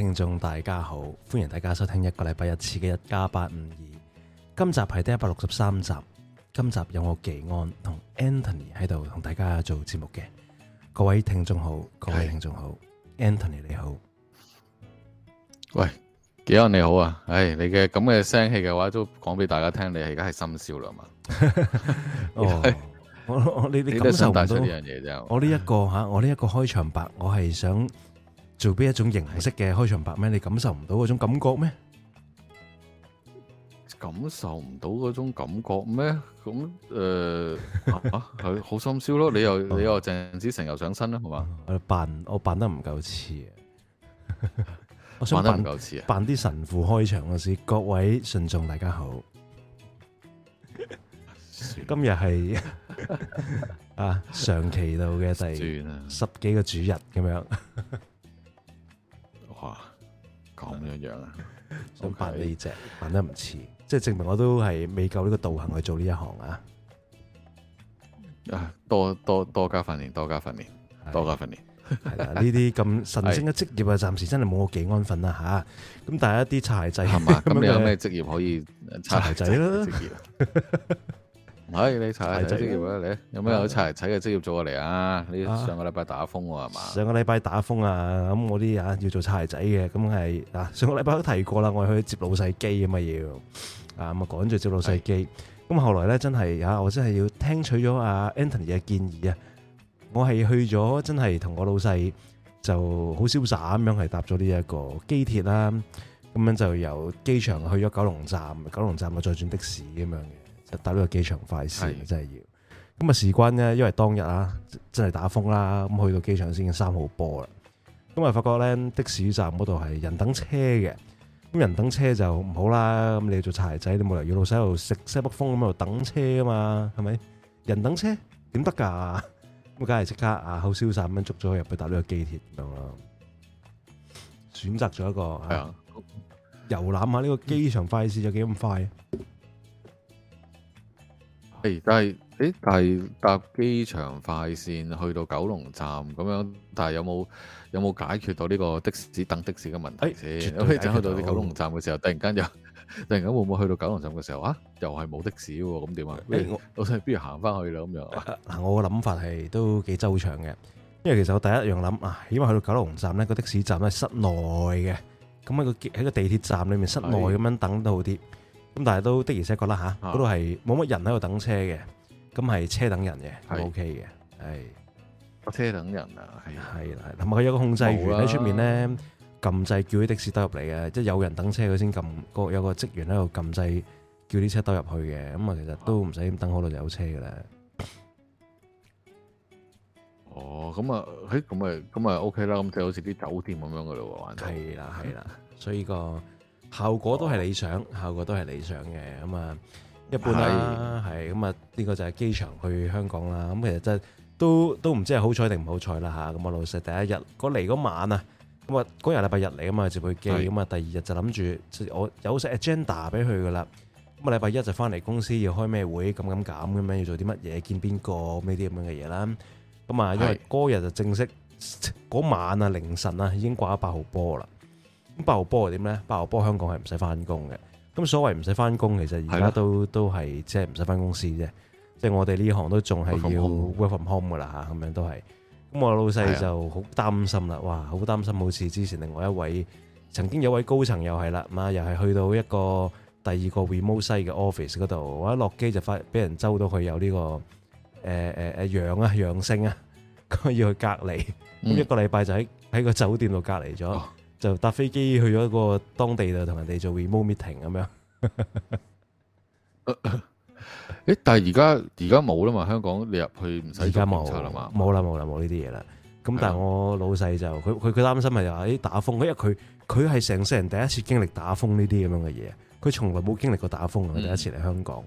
聽眾大家好，歡迎大家收聽一個禮拜一次嘅一家八五二，今集係第一百六十三集，今集有我紀安同 Anthony 喺度同大家做節目嘅。各位聽眾好，各位聽眾好。Anthony 你好。喂，紀安你好啊，唉，你嘅咁嘅聲氣嘅話，都講俾大家聽，你而家係深宵啦嘛？我我呢啲感受唔到，我呢一個吓，我呢一個開場白，我係想。做邊一種形式嘅開場白咩？你感受唔到嗰種感覺咩？感受唔到嗰種感覺咩？咁誒，係好心燒咯！你又你又鄭子誠又上身啦，好嘛？我扮我扮得唔夠似啊！扮得唔夠似啊！我想扮啲神父開場嗰時，各位信眾大家好。今日係啊，常年期嘅第十幾個主日咁樣。咁樣樣啊，想 扮呢隻 Okay. 扮得唔似，即係證明我都係未夠呢個道行去做呢一行啊！多多多加訓練，多加訓練，是多加訓練，係啦的！呢啲咁神聖嘅職業啊，暫時真係冇幾安分啊。吓的，咁但係一啲擦鞋仔係嘛？咁你有咩職業可以擦鞋仔囉？ 係、哎、你擦鞋仔嘅職業猜猜有冇有去擦鞋仔嘅職業做過嚟啊？上個禮拜打風係嘛？上個禮拜打風啊，咁我啲啊要做擦鞋仔嘅，咁係上個禮拜都提過啦，我去接老細機咁啊要啊咁啊趕住接老細機，咁是後來咧真係啊我真係要聽取咗阿 Anthony 嘅建議啊，我係去咗真係同我老細就好瀟灑咁樣係搭咗呢一個機鐵啦，咁樣就由機場去咗九龍站，九龍站咪再轉的士咁樣嘅。搭呢個機場快線真係要，咁啊事關咧，因為當日啊真係打風啦，咁去到機場先三號波啦，咁啊發覺咧，的士站嗰度係人等車嘅，咁人等車就唔好啦，咁你做柴仔你冇理由要老細喺度食西北風咁喺度等車吖嘛，係咪？人等車點得噶？咁啊梗係即刻啊好瀟灑咁捉咗去入去搭呢個機鐵咁咯，選擇咗一個係啊，遊覽下呢個機場快線有幾咁快。誒、欸，但係，誒、欸，搭機場快線去到九龍站咁樣，但係有冇有冇解決到呢個的士等的士嘅問題先？咁、欸、去到九龍站嘅時候，突然間又突然間會唔會去到九龍站嘅時候啊，又係冇的士喎？咁點啊？欸、不如行翻去咯咁樣。嗱，我嘅諗法係都幾周長嘅，因為其實我第一樣諗啊，起碼去到九龍站咧，個的士站係室內嘅，咁啊個喺個地鐵站裏面室內咁樣等都好啲。欸咁但係都的而且確啦嚇，嗰度係冇乜人喺度等車嘅，咁係車等人嘅，都 OK 嘅，係。個車等人啊，係係係，同埋佢有個控制員喺出面咧，撳掣叫啲的士兜入嚟嘅，即係有人等車佢先撳個，有個職員喺度撳掣叫啲車兜入去嘅，咁啊其實都唔使等好耐就有車嘅咧。哦，咁啊，誒，咁啊，咁啊 OK 啦，咁就好似啲酒店咁樣嘅咯喎，係啦係啦，所以個。效果都係理想，效果都係理想嘅，咁啊，一般啦，係咁啊，呢個就係機場去香港啦。咁其實真係都都唔知係好彩定唔好彩啦嚇。咁我老實第一日嗰嚟嗰晚啊，咁啊嗰日禮拜日嚟啊嘛，直去機咁啊。是第二日就諗住即係我有食 agenda 俾佢噶啦。咁啊禮拜一就翻嚟公司要開咩會咁咁揀咁樣，咁樣做要做啲乜嘢見邊個咩啲咁樣嘅嘢啦。咁啊是因為嗰日就正式嗰晚啊凌晨啊已經掛八號波啦。包豪波係點咧？包豪波香港係唔使翻工嘅。咁所謂唔使翻工，其實而家都是的都係即係唔使翻公司啫。即係的我哋呢行都仲係要 work o m home 噶啦吓，咁樣的都係。咁我老細就好擔心啦，的哇，好擔心。好似之前另外一位曾經有位高層又係啦，咁啊又係去到一個第二個 remote 西嘅 office 嗰度，我一落機就發俾人揪到佢有呢、這個誒誒誒陽啊陽性啊，佢、啊、要去隔離，咁、嗯、一個禮拜就喺喺個酒店度隔離咗。哦就搭飛機去咗一個當地就同人哋做 remote meeting 咁樣。誒，但係而家而家冇啦嘛，香港你入去唔使檢查冇啦嘛，冇啦冇啦冇呢啲嘢啦。咁但係我老細就佢佢佢擔心係話啲打風，因為佢佢係成世人第一次經歷打風呢啲咁樣嘅嘢，佢從來冇經歷過打風佢第一次嚟香港。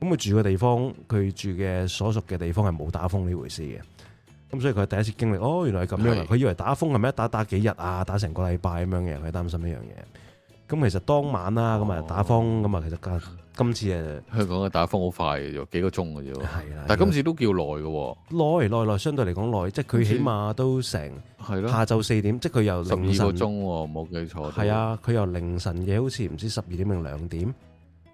咁佢、嗯、住嘅地方，佢住嘅所屬嘅地方係冇打風呢回事嘅。咁所以佢第一次經歷，哦，原來係咁樣，佢是以為打風係咪一打打幾日啊？打成個禮拜咁樣嘅，佢擔心呢樣嘢。咁其實當晚啦，咁啊、哦、打風，咁啊其實今次誒、就是，香港嘅打風好快嘅，就幾個鐘嘅啫。的但係今次都叫耐嘅，耐耐耐相對嚟講耐，即係佢起碼都成的下晝四點，即係佢又十二個鐘冇記錯。係啊，佢由凌晨嘅好似唔知十二點零兩點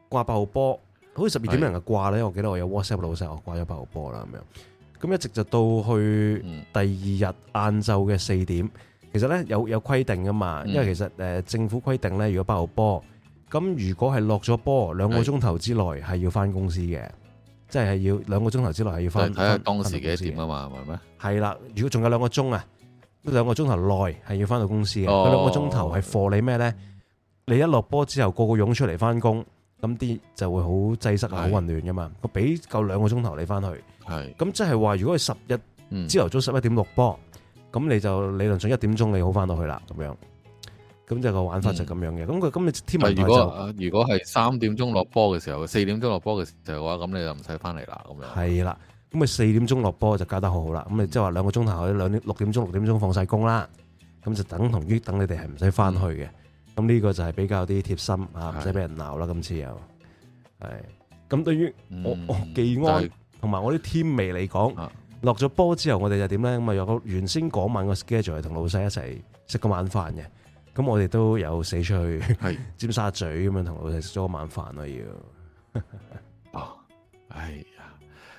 掛爆波，好似十二點零嘅掛咧。因為的我記得我有 WhatsApp 老細，我掛咗爆波啦咁樣。咁一直就到去第二日晏晝嘅四點，嗯、其實咧有有規定噶嘛，嗯、因為其實誒、呃、政府規定咧，如果爆波，咁如果係落咗波，兩個鐘頭之內係要翻公司嘅。是即係要兩個鐘頭之內係要翻。睇下當時幾點啊嘛，係咩？係啦，如果仲有兩個鐘啊，兩個鐘頭內係要翻到公司嘅。嗰、哦、兩個鐘頭係 for 你咩咧？你一落波之後，個個湧出嚟翻工。咁啲就會好擠塞好混亂噶嘛。我俾夠兩個鐘頭你翻去，咁是的 即係話如果係十一朝頭早十一點落波，咁你就理論上一點鐘你好翻到去啦，咁樣。咁就個玩法就咁樣嘅。咁佢咁你天氣如果、就是、如果係三點鐘落波嘅時候，四點鐘落波嘅時候嘅話，咁你就唔使翻嚟啦，咁樣。係啦，咁咪四點鐘落波就搞得好好啦。咁你即係話兩個鐘頭，兩六點鐘六點鐘放晒工啦。咁就等同於等你哋係唔使翻去嘅。嗯咁呢個就係比較啲貼心啊，唔使俾人鬧啦。是今次又係咁，對於我我技安同埋、就是、我啲天味嚟講，落咗波之後我們，我哋就點咧？咁啊有個原先嗰晚個 schedule 係同老細一齊食個晚飯嘅，咁我哋都有死出去，係是 尖沙咀咁樣同老細食咗個晚飯咯，要 哦，哎呀，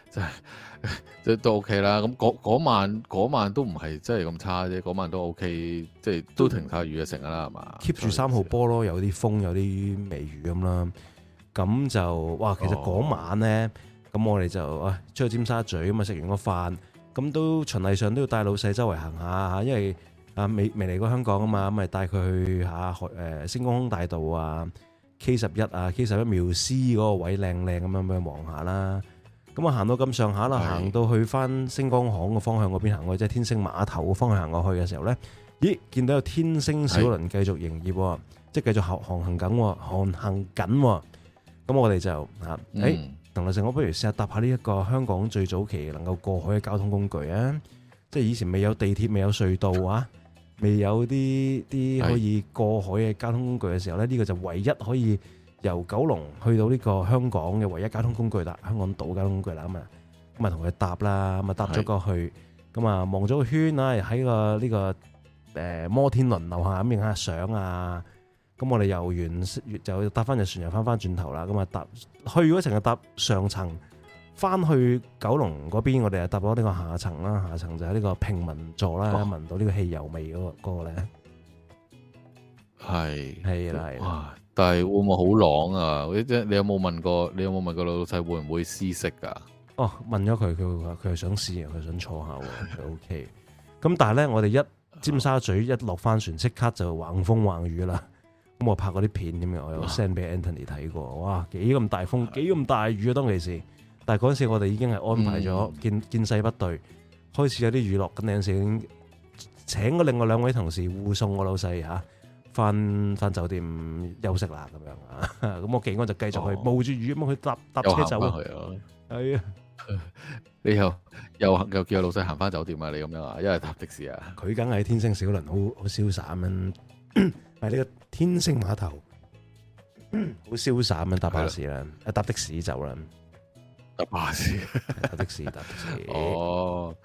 真係。即都 OK 啦，咁嗰晚嗰晚都唔係真係咁差啫，嗰晚都 OK，即係都停晒雨嘅成啦，係嘛？keep 住三號波咯，有啲風，有啲微雨咁啦。咁就哇，其實嗰晚咧，咁、oh. 我哋就啊、哎，出咗尖沙咀咁啊，食完個飯，咁都循例上都要帶老細周圍行下，因為啊未未嚟過香港啊嘛，咁咪帶佢去下星光空，空大道啊 K 十一啊 K 十一苗 c 嗰個位靚靚咁樣樣望下啦。咁我行到咁上下啦，行到去返星光行嘅方向嗰邊行過去，即係天星碼頭嘅方向行過去嘅時候呢，咦，見到有天星小輪繼續營業，是的 即係繼續行航行緊，航行緊。咁我哋就咦，誒、嗯，同阿成我不如試下搭下呢一個香港最早期能夠過海嘅交通工具啊！即係以前未有地鐵，未有隧道啊，未有啲啲可以過海嘅交通工具嘅時候呢，呢、這個就唯一可以。由九龍去到呢個香港嘅唯一交通工具啦，香港島交通工具啦，咁啊咁啊同佢搭啦，咁啊搭咗過去，咁啊望咗個圈啦，喺個呢個誒摩天輪樓下咁影下相啊，咁我哋遊完就搭翻隻船又翻翻轉頭啦，咁啊搭去程就搭上層，翻去九龍嗰邊我哋啊搭咗呢個下層啦，下層就喺呢個平民座啦，聞到呢個汽油味嗰個嗰個咧，係係啦，係。但係會唔會好浪啊？你有冇問過？你有冇問過老細會唔會試食㗎、啊？哦，問咗佢，佢話佢係想試，佢想坐下喎，OK。咁 但係咧，我哋一尖沙咀一落返船，即刻就橫風橫雨啦。咁 我拍嗰啲片點嘅，我有 send 俾 Anthony 睇過。 哇，幾咁大風，幾咁大雨啊！當其時，但係嗰陣時我哋已經係安排咗，嗯、見見勢不對，開始有啲雨落。咁有時請請咗另外兩位同事護送我老細嚇。翻翻酒店休息啦，咁樣啊，咁我警安就繼續去冒住雨，咁、哦、去搭搭車走，走去啊，係啊，你又又又叫老細行翻酒店啊，你咁樣啊，因為搭的士啊，佢梗係天星小輪，好好瀟灑咁樣，喺呢、啊、 個天星碼頭好瀟灑咁樣搭巴士啦，一搭、啊、的士走啦，搭巴士搭的士搭的士，哦。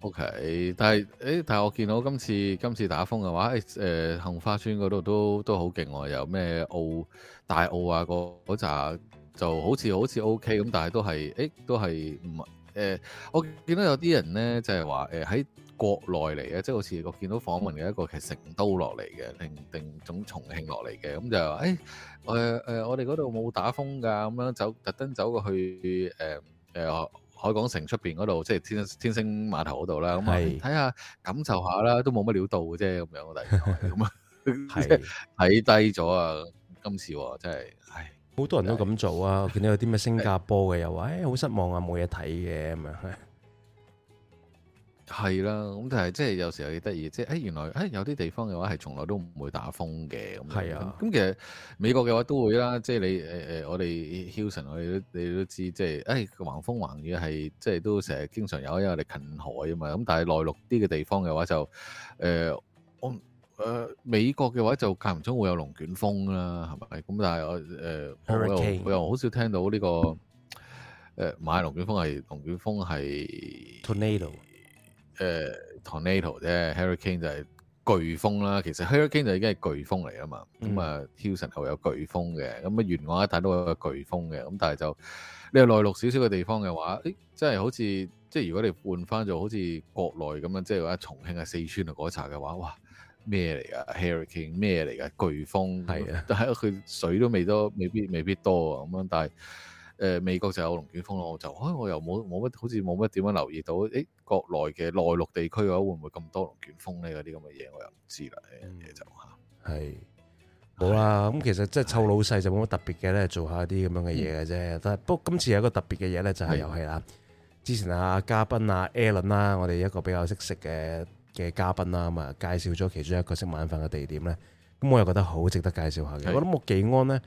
O.K. 但係誒、欸，但係我見到今次今次打風嘅話，誒、欸呃，杏花村嗰度都都好勁喎，有咩澳大澳啊，嗰嗰扎就好似好似 O.K. 咁，但係都係誒，都係唔誒。我見到有啲人咧，就係話誒喺國內嚟嘅，即係好似我見到訪問嘅一個其實成都落嚟嘅定定從重慶落嚟嘅，咁就話誒誒，我哋嗰度冇打風㗎，咁樣走特登走過去誒誒。呃呃海港城出邊嗰度，即係天天星碼頭嗰度啦，咁啊睇下感受下啦，都冇乜料到嘅啫，咁樣，我哋咁啊，即係睇低咗啊！今次、哦、真係， 唉，好多人都咁做啊，佢哋 有啲咩新加坡嘅 又話，唉、哎，好失望啊，冇嘢睇嘅咁樣。 係啦，咁但係即係有時候你得意，即係誒原來誒有啲地方嘅話係從來都唔會打風嘅，咁係啊。咁其實美國嘅話都會啦，即係你誒誒我哋 Houston，我哋都你都知，即係誒橫風橫雨係即係都成日經常有，因為我哋近海啊嘛。咁但係內陸啲嘅地方嘅話就誒、呃、我誒、呃、美國嘅話就間唔中會有龍捲風啦，係咪？咁但係我誒、呃、Hurricane. 我又好少聽到呢、這個誒買、呃、龍捲風係龍捲風係 Tornado。誒、呃、Tornado 啫，Hurricane 就係颶風啦。其實 Hurricane 就已經係颶風嚟啊嘛。咁、嗯、啊 Houston 又有颶風嘅。咁、嗯、啊，沿岸一睇都係颶風嘅。咁、嗯、但係就你係內陸少少嘅地方嘅話，誒，即係好似即係如果你換翻就好似國內咁樣，即係話重慶啊、四川啊嗰一層嘅話，哇，咩嚟噶？Hurricane 咩嚟噶？颶風係啊，嗯、的但係佢水都未多，未必未必多啊。咁、嗯、樣但係。誒、呃、美國就有龍捲風咯，我就、哎、我又冇冇乜好似冇乜點樣留意到誒、哎、國內嘅內陸地區嘅話，會唔會咁多龍捲風咧？嗰啲咁嘅嘢我又唔知啦，呢樣嘢就嚇係是、嗯、好啦。咁、嗯、其實即係湊老細就冇乜特別嘅咧，做下啲咁樣嘅嘢嘅啫。嗯、但不過今次有一個特別嘅嘢咧，就係、是、遊戲啦。的之前啊嘉賓啊 Alan 啦，Alan，我哋一個比較識食嘅嘅嘉賓啦，咁啊介紹咗其中一個食晚飯嘅地點咧。咁我又覺得好值得介紹下嘅。的我諗木記安咧。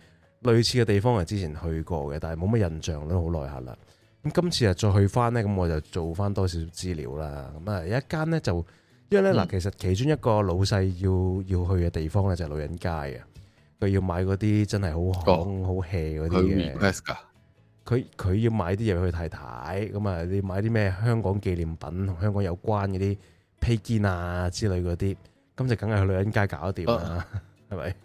類似嘅地方係之前去過嘅，但係冇乜印象，都好耐下啦。咁今次又再去翻呢，咁我就做翻多少資料啦。咁啊，有一間呢，就因為呢，嗱，其實其中一個老細要要去嘅地方咧就係女人街他、哦、啊。佢要買嗰啲真係好好 hea 嗰啲嘅。佢佢要買啲嘢去太太，咁啊，你買啲咩香港紀念品同香港有關嗰啲披肩啊之類嗰啲，咁就梗係去女人街搞得掂啦，係咪、啊？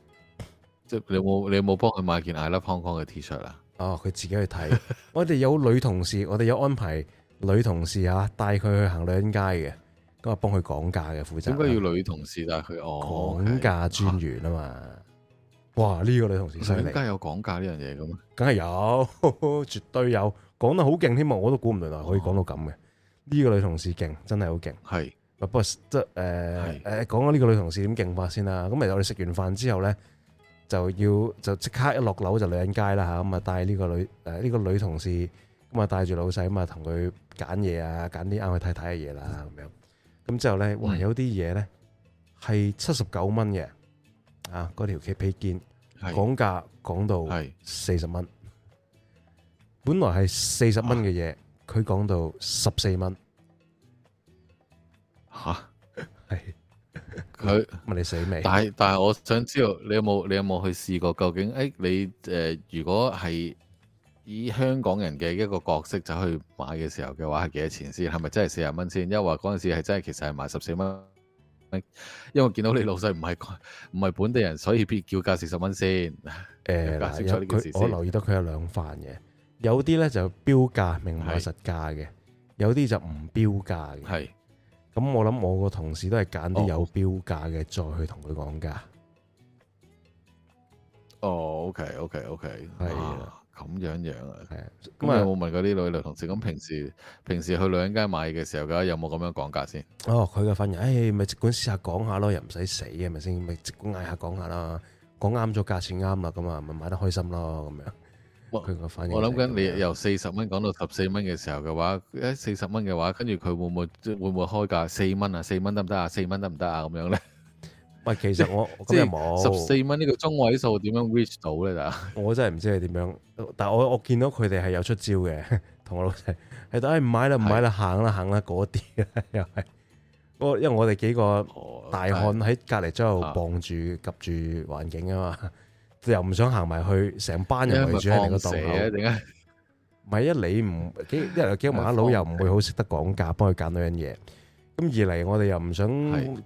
即係你有冇你有冇幫佢買件 I Love Hong Kong 嘅 T 恤啊？哦，佢自己去睇。 我哋有女同事，我哋有安排女同事啊，帶佢去行女人街嘅，咁啊幫佢講價嘅，負責。應該要女同事帶，帶係佢哦講價專員啊嘛。啊哇，呢、這個女同事犀利。而家有講價呢樣嘢嘅咩？梗係有，絕對有，講得好勁添啊！我都估唔到，原來可以講到咁嘅。呢、哦、個女同事勁，真係好勁。係是，不過即誒誒，講緊呢個女同事點勁法先啦。咁誒，我哋食完飯之後咧。就要就即刻一落樓就女人街啦嚇，咁啊帶呢個女誒呢個女同事，咁啊帶住老細，咁啊同佢揀嘢啊，揀啲啱佢太太嘅嘢啦，咁樣。咁之後咧，哇有啲嘢咧係七十九蚊嘅，啊嗰條旗披肩，講價講到四十蚊，本來係四十蚊嘅嘢，佢講到十四蚊，嚇？係。佢他問你死未？但係但係，我想知道你有冇你有冇去試過？究竟誒、哎、你誒、呃，如果係以香港人嘅一個角色走去買嘅時候嘅話，係幾多錢先？係咪真係四十蚊先？抑或嗰陣時係真係其實係賣十四蚊？因為見到你老細唔係唔係本地人，所以必叫價四十蚊先。誒、欸，我留意到佢有兩份嘅，有啲咧就標價明碼實價嘅，是有啲就唔標價嘅，係。咁我諗我個同事都係揀啲有標價嘅，再去同佢講價。哦，OK，OK，OK，係啊，咁樣樣啊。係咁、啊啊、有冇問啲女女同事？咁平時平時去女人街買嘅時候，噶有冇咁樣講價先？哦，佢嘅反應，誒、哎，咪即管試下講下咯，又唔使死啊，係咪先，咪即管嗌下講下啦，講啱咗價錢啱啦，咁啊咪買得開心咯，咁樣。佢個反應我諗緊你由四十蚊講到十四蚊嘅時候嘅話，一四十蚊嘅話，跟住佢會唔會會唔會開價四蚊啊？四蚊得唔得啊？四蚊得唔得啊？咁樣咧？喂，其實我即係十四蚊呢個中位數，點樣 reach 到咧？就我真係唔知係點樣，但係我我見到佢哋係有出招嘅，同我老細係，但係唔買啦，唔買的啦，行啦，行啦，嗰啲又係，我 因為我哋幾個大漢喺隔籬之後傍住及住環境啊嘛。又唔想行埋去，成班人圍住喺你個檔口，點解啊？唔係一你唔，一嚟叫埋阿老，又唔會好識得講價，幫佢揀到樣嘢。咁二嚟，我哋又唔想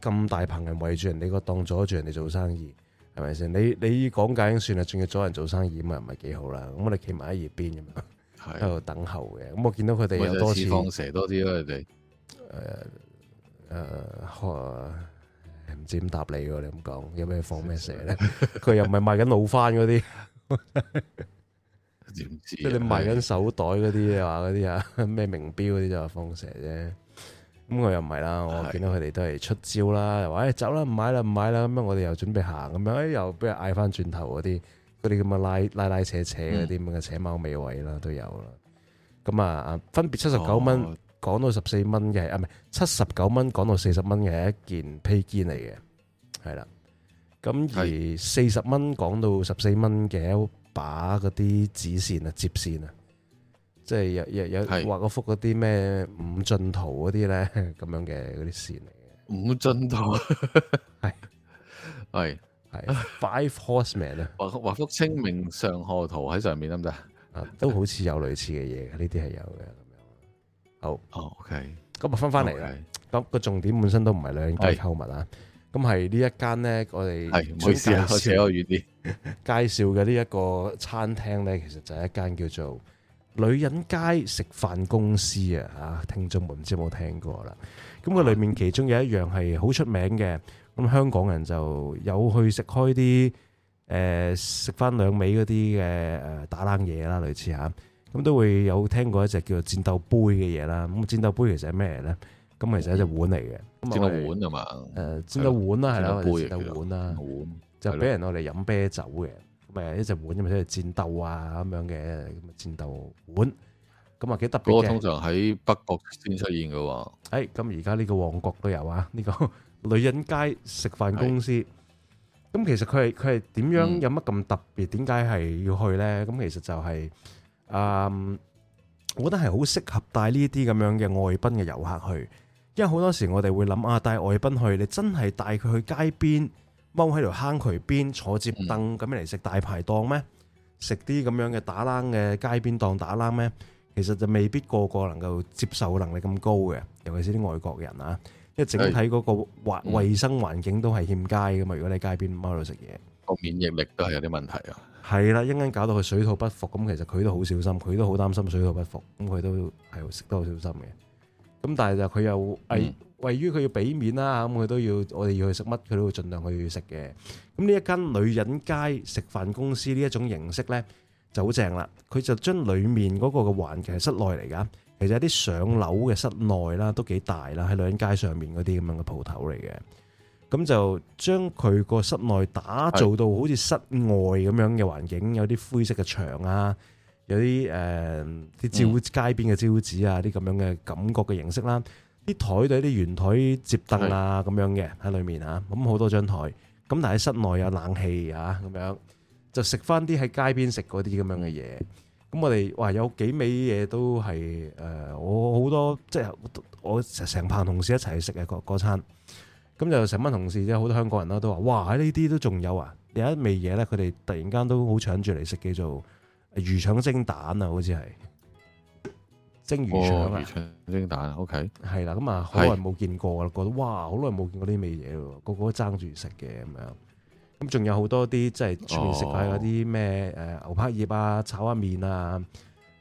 咁大棚人圍住人，你個檔阻住人哋做生意，係咪先？你你講價已經算啦，仲要阻人做生意，咪唔係幾好啦？咁我哋企埋喺葉邊咁樣，喺度的等候嘅。咁我見到佢哋有多次放蛇多啲啦，啊，佢哋誒誒唔知點答你喎？你咁講，有咩放咩蛇咧？佢 又唔係賣緊老番嗰啲，知唔知 你賣緊手袋嗰啲啊？嗰啲啊咩名錶嗰啲就放蛇啫。咁我又唔係啦，的我見到佢哋都係出招啦。又話誒走啦，唔買啦，唔買啦。咁樣我哋又準備行，咁樣誒又俾人嗌翻轉頭嗰啲，佢哋咁啊拉拉拉扯扯嗰啲咁嘅扯貓尾位啦，都有啦。咁啊，分別七十九蚊。哦講到十四蚊嘅係，啊唔係七十九蚊，講到四十蚊嘅一件披肩嚟嘅，係啦。咁而四十蚊講到十四蚊嘅一把嗰啲紙線啊，接線啊，即係有有有畫幅嗰啲咩五駿圖嗰啲咧咁樣嘅嗰啲線嚟嘅。五駿圖係係係 Five Horsemen 啊，畫幅清明上河圖喺上面得唔得啊？都好似有類似嘅嘢，呢啲係有嘅。好，OK。咁啊，翻翻嚟，咁個重點本身都唔係女人街購物啊。咁係呢一間咧，我哋係唔好意思啊，開始我遠啲介紹嘅呢一個餐廳咧，其實就係一間叫做女人街食飯公司啊。嚇，聽眾們唔知有冇聽過啦。咁佢裏面其中有一樣係好出名嘅，咁香港人就有去食開啲誒食翻兩味嗰啲嘅誒打冷嘢啦，類似嚇。咁都會有聽過一隻叫做戰鬥杯嘅嘢啦。咁戰鬥杯其實係咩咧？咁其實係一隻碗嚟嘅。戰鬥碗啊嘛。誒，戰鬥碗啦，係啦，戰鬥碗啦。碗就俾人攞嚟飲啤酒嘅，咪係一隻碗，因為即係戰鬥啊咁樣嘅，咁戰鬥碗。咁啊幾特別嘅。通常喺北國先出現嘅喎。咁而家呢個旺角都有啊。呢、這個女人街食飯公司。咁的其實佢係佢係點樣？嗯、有乜咁特別？點解係要去咧？咁其實就係、是。嗯，um, 我覺得係好適合帶呢啲咁樣嘅外賓嘅遊客去，因為好多時我哋會諗啊，帶外賓去，你真係帶佢去街邊踎喺條坑渠邊坐接凳咁樣嚟食大排檔咩？食啲咁樣嘅打冷嘅街邊檔打冷咩？其實就未必個個能夠接受能力咁高嘅，尤其是啲外國人啊，因為整體嗰個衛生環境都係欠佳噶嘛。嗯，如果你喺街邊踎度食嘢，個免疫力都係有啲問題啊。係啦，一陣搞到佢水土不服，咁其實佢都好小心，佢都好擔心水土不服，咁佢都係食得好小心嘅。咁但係就佢又位位於佢要俾面啦，咁佢都要我哋要去食乜，佢都會盡量去食嘅。咁呢一間女人街食飯公司呢一種形式呢，就好正啦。佢就將裡面嗰個嘅環境係室內嚟噶，其實有啲上樓嘅室內啦，都幾大啦，喺女人街上面嗰啲咁樣嘅鋪頭嚟嘅。咁就將佢個室內打造到好似室外咁樣嘅環境，有啲灰色嘅牆啊，有啲誒啲照街邊嘅招紙啊，啲咁樣嘅感覺嘅形式啦。啲台就係啲圓台、折凳啊咁樣嘅喺裏面嚇，咁好多張台。咁但係室內有冷氣嚇，咁樣就食翻啲喺街邊食嗰啲咁樣嘅嘢。咁我哋哇有幾味嘢都係誒，我好多即係我成成棚同事一齊食嘅嗰嗰餐。咁就成班同事啫，好多香港人啦，都話哇，呢啲都仲有啊。有一味嘢咧，佢哋突然間都好搶住嚟食，叫做魚腸蒸蛋啊，好似係蒸魚腸啊，哦、魚腸蒸蛋。O K 係啦，咁啊好耐冇見過啦，的覺得哇，好耐冇見過呢味嘢咯，個個都爭住食嘅咁樣。咁仲有好多啲，即係出面食下嗰啲咩誒牛柏葉啊，炒下面啊，